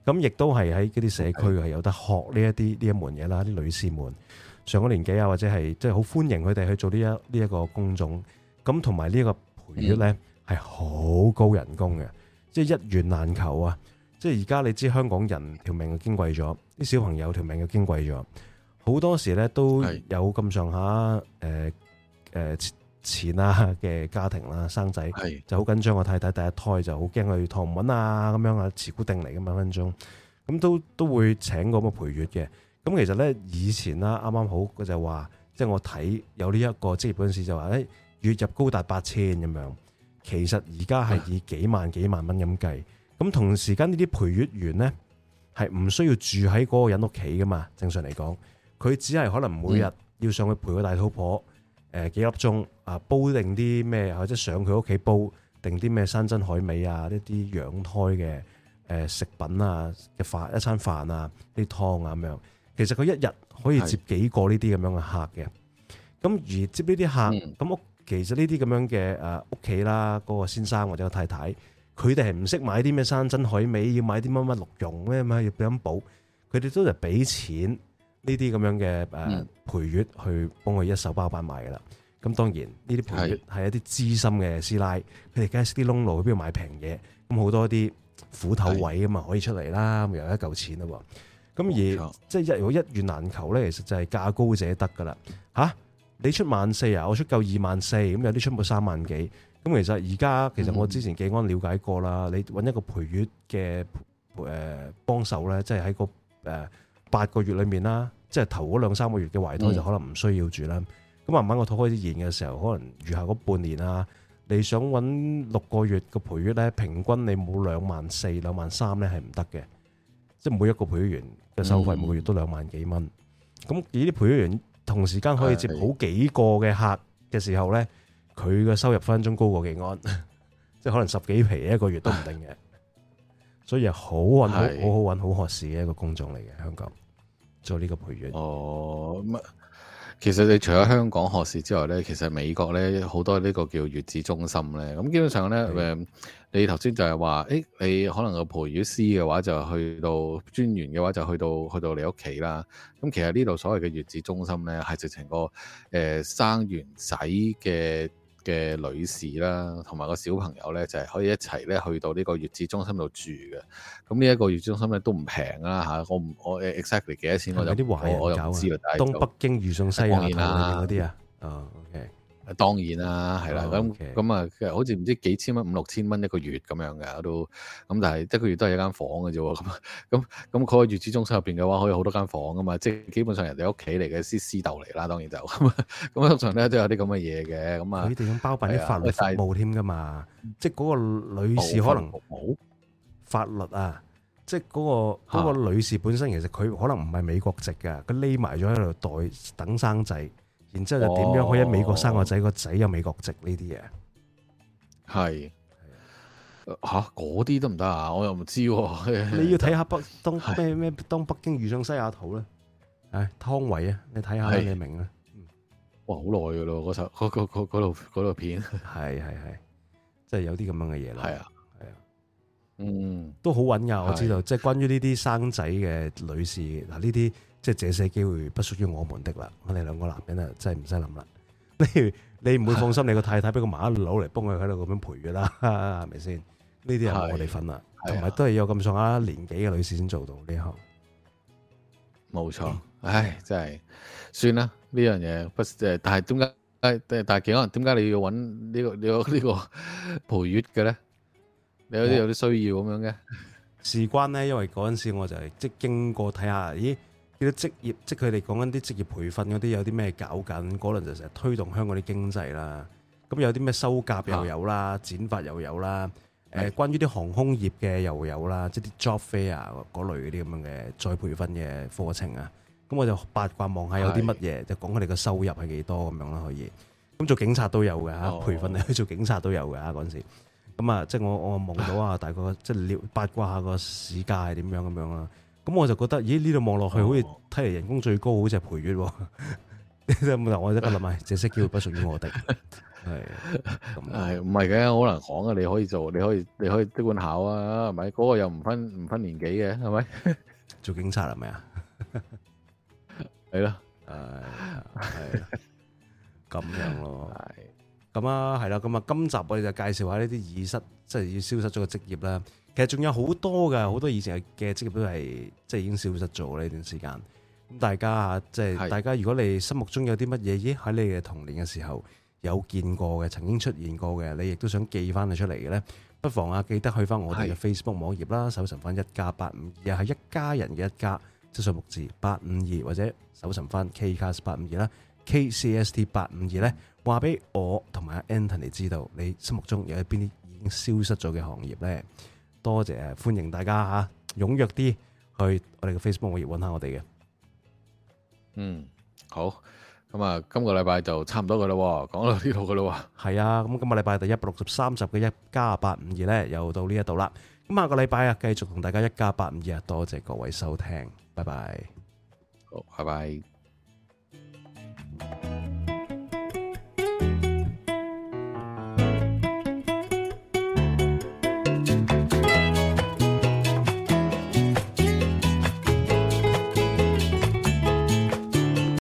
咁亦都係喺嗰啲社區係有得學呢一啲呢一門嘢啦。啲女士們上咗年紀啊，或者係即係好歡迎佢哋去做呢一呢一個工種。咁同埋呢個培育咧係好高人工嘅，即係一員難求啊！即係而家你知香港人條命嘅矜貴咗，啲小朋友條命嘅矜貴咗。好多時咧都有咁上下誒誒錢呀嘅家庭啦，是生仔就好緊張。我太太第一胎就好驚佢託唔穩啊咁樣啊，持股定嚟咁樣分鐘，咁都都會請個咁嘅陪月嘅。咁其實咧以前啦，啱啱好佢就話，即係我睇有呢一個職業本身就話，誒月入高達八千咁樣。其實而家係以幾萬幾萬蚊咁計。咁同時間呢啲陪月員咧係唔需要住喺嗰個人屋企噶嘛，正常嚟講。佢只係可能每日要上去陪個大肚婆，誒幾粒鐘啊，煲定啲咩，或者上佢屋企煲定啲咩山珍海味啊，一啲養胎嘅誒食品啊嘅飯一餐飯啊啲湯啊咁樣。其實佢一日可以接幾個呢啲咁樣嘅客嘅。咁是的 而接呢啲客，咁我是的 其實呢啲咁樣嘅誒屋企啦，嗰個先生或者個太太，佢哋係唔識買啲咩山珍海味，要買啲乜乜鹿茸，咩咩要點樣補，佢哋都係俾錢。呢啲咁樣嘅誒培月去幫佢一手包辦賣嘅啦，咁當然呢啲培月係一啲資深嘅師奶，佢哋梗係啲窿路去，去邊度買平嘢，咁好多啲斧頭位咁啊可以出嚟啦，的又一嚿錢咯喎，咁而錯即係一如果一月難求咧，其實就係價高者得噶啦嚇，你出萬四啊，我出夠二萬四，咁有啲出到三萬幾，咁其實而家其實我之前幾安了解過啦，嗯、你揾一個培月嘅誒、呃、幫手咧，即係喺個誒。呃八個月裏面啦，即係頭嗰兩三個月嘅懷胎就可能唔需要住啦。咁慢慢我肚開始現嘅時候，可能餘下嗰半年啊，你想揾六個月嘅陪月咧，平均你冇兩萬四、兩萬三咧係唔得嘅。即係每一個陪月員嘅收費每個月都兩萬幾蚊。咁呢啲陪月員同時間可以接好幾個嘅客嘅時候咧，佢嘅收入分分鐘高過幾安，即係可能十幾皮一個月都唔定嘅。唉所以係好揾是，好好好揾，好渴市嘅一個工種嚟嘅香港。做呢個陪月。哦，咁啊，其實你除咗香港學士之外咧，其實美國咧好多呢個叫月子中心咧，咁基本上咧的你頭先就係話、哎，你可能個陪月師嘅話就去到專員嘅話就去到去到你屋企啦，咁其實呢度所謂嘅月子中心咧係直情個、呃、生完仔嘅。嘅女士啦，同埋個小朋友咧，就係、是、可以一齊咧去到呢個月子中心度住嘅。咁呢一個月子中心咧都唔平啦嚇，我唔我 exactly 幾多錢我有就我我就唔知道，但東北京、遇上西啊嗰啲啊，啊、oh, OK。當然啦，係啦，咁咁啊，好似唔知幾千蚊、五六千蚊一個月咁樣嘅都，咁但係一個月都係一間房嘅啫。咁咁咁嗰個月子中心入邊嘅話，可以好多間房啊嘛，即係基本上人哋屋企嚟嘅私私竇嚟啦，當然就咁、是、啊，咁通常咧都有啲咁嘅嘢嘅，咁啊，佢哋要包辦啲法律服務添噶嘛，即係嗰個女士可能冇法律啊，即係、那、嗰、個啊、個女士本身其實佢可能唔係美國籍嘅，佢匿埋咗喺度待等生仔。然之後就點樣可以喺美國生個仔，個仔有美國籍呢啲嘢？係吓嗰啲得唔得啊？我又唔知，你要睇下北當咩咩當北京遇上西雅圖咧，唉，湯唯啊，你睇下你明啦。哇，好耐噶咯，嗰首嗰部片，係係係，真係有啲咁樣嘅嘢啦。係啊，係啊，嗯，都好穩噶，我知道。即係關於呢啲生仔嘅女士嗱，呢啲。即係這些機會不屬於我們的啦。我哋兩個男人啊，真係唔使諗啦。你你唔會放心你個太太俾個麻甩佬嚟幫佢喺度咁樣陪月啦，係咪先？呢啲係我哋份啦，同埋是都係有咁上下年紀嘅女士先做到呢、哎、呀行。冇錯，唉，真係算啦。呢樣嘢不，但係點解？但係其他人點解你要揾呢、這個呢、這個呢、這個陪月嘅咧？你有啲、嗯、有啲需要咁樣嘅？事關呢，因為嗰陣時我就係即經過睇下，咦？啲職業即係佢哋講緊啲職業培訓嗰啲，有啲咩搞緊？嗰輪就成日推動香港啲經濟啦。咁有啲咩修甲又有啦，剪髮又有啦。誒、啊，關於啲航空業嘅又有啦，即係啲 job fair 啊嗰類啲咁樣嘅再培訓嘅課程啊。咁我就八卦望下有啲乜嘢，是就講佢哋嘅收入係幾多咁樣啦。可以。咁做警察都有嘅㗎，哦、培訓啊，做警察都有嘅㗎嗰陣時。咁啊，即係我我望到啊，大概即係唉八卦下個市價係點樣咁樣啦。咁我就覺得，咦？呢度望落去，好似睇嚟，人工最高，好似係陪月。其同我得得諗埋，正式機會不屬於我哋。係，係唔係嘅？好難講啊！你可以做，你可以，你可以即管考啊，係咪？嗰個又唔分唔分年紀嘅，係咪？做警察係咪啊？係咯，係係咁樣咯。係咁啊，係啦。咁啊，今集我哋就介紹下呢啲已失，即係要消失咗嘅職業啦。其實仲有好多嘅，好多以前嘅職業都係即係已經消失咗呢段時間咁，大家啊，即係大家，如果你心目中有啲乜嘢嘢喺你嘅童年嘅時候有見過嘅，曾經出現過嘅，你亦都想寄翻佢出嚟嘅呢。不妨啊，記得去翻我哋嘅 Facebook 是網頁啦，搜尋翻一家八五二，又係一家人嘅一家，即係數目字八五二，或者搜尋翻 K Cast 八五二啦，K C S T 八五二呢，話俾我同埋 Anthony 知道你心目中有邊啲已經消失咗嘅行業呢。多謝，歡迎大家吓，踴躍啲去我哋嘅 Facebook 網頁揾下我哋嘅。嗯，好。咁啊，今個禮拜就差唔多噶啦，講到呢度噶啦。係啊，咁今個禮拜第一百六十三集嘅一家八五二咧，又到呢一度啦。咁下個禮拜啊，繼續同大家一家八五二啊。52，多謝各位收聽，拜拜。好，拜拜。